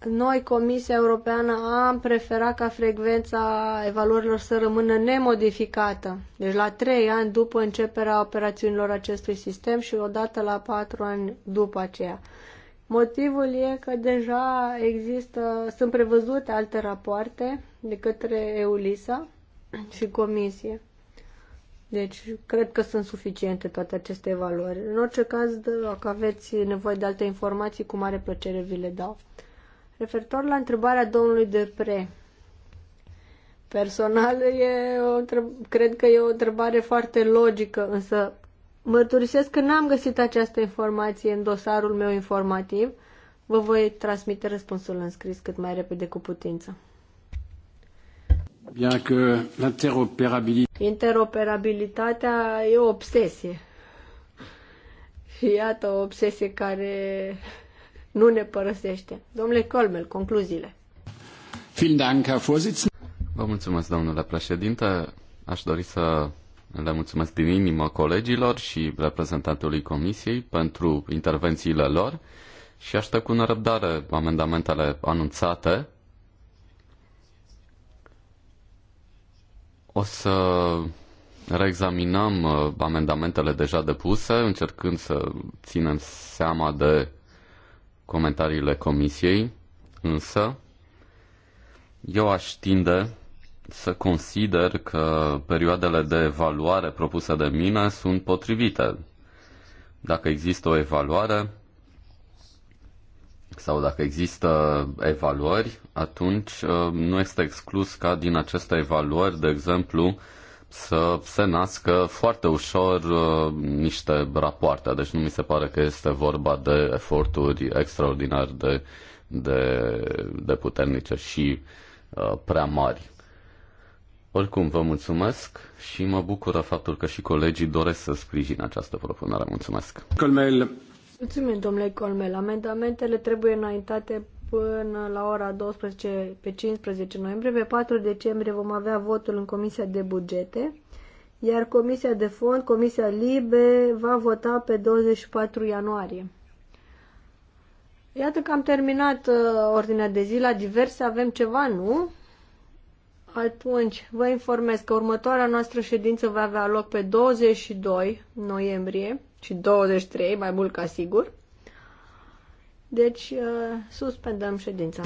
Noi, Comisia Europeană, am preferat ca frecvența evaluărilor să rămână nemodificată, deci la 3 ani după începerea operațiunilor acestui sistem și odată la 4 ani după aceea. Motivul e că deja există, sunt prevăzute alte rapoarte de către EULISA și Comisie. Deci, cred că sunt suficiente toate aceste valori. În orice caz, dacă aveți nevoie de alte informații, cu mare plăcere vi le dau. Referitor la întrebarea domnului Depre, personal, e o, cred că e o întrebare foarte logică, însă Mărturisesc că n-am găsit această informație în dosarul meu informativ. Vă voi transmite răspunsul în scris cât mai repede cu putință. Bien că Interoperabilitatea e o obsesie. Și iată o obsesie care nu ne părăsește. Domnule Colmel, concluziile. Vielen Dank, Herr Vorsitzender. Vă mulțumesc, domnule președinte. Aș dori să le mulțumesc din inimă colegilor și reprezentantului Comisiei pentru intervențiile lor și aștept cu nerăbdare amendamentele anunțate. O să reexaminăm uh, amendamentele deja depuse, încercând să ținem seama de comentariile Comisiei, însă eu aș tinde să consider că perioadele de evaluare propuse de mine sunt potrivite. Dacă există o evaluare sau dacă există evaluări, atunci uh, nu este exclus ca din aceste evaluări, de exemplu, să se nască foarte ușor uh, niște rapoarte. Deci nu mi se pare că este vorba de eforturi extraordinar de, de, de puternice și uh, prea mari. Oricum, vă mulțumesc și mă bucură faptul că și colegii doresc să sprijin această propunere. Mulțumesc. Colmel. Mulțumim, domnule Colmel. Amendamentele trebuie înaintate până la ora 12 pe 15 noiembrie. Pe 4 decembrie vom avea votul în Comisia de Bugete, iar Comisia de Fond, Comisia Libe, va vota pe 24 ianuarie. Iată că am terminat uh, ordinea de zi la diverse, avem ceva, nu? Atunci, vă informez că următoarea noastră ședință va avea loc pe 22 noiembrie și 23, mai mult ca sigur. Deci, uh, suspendăm ședința.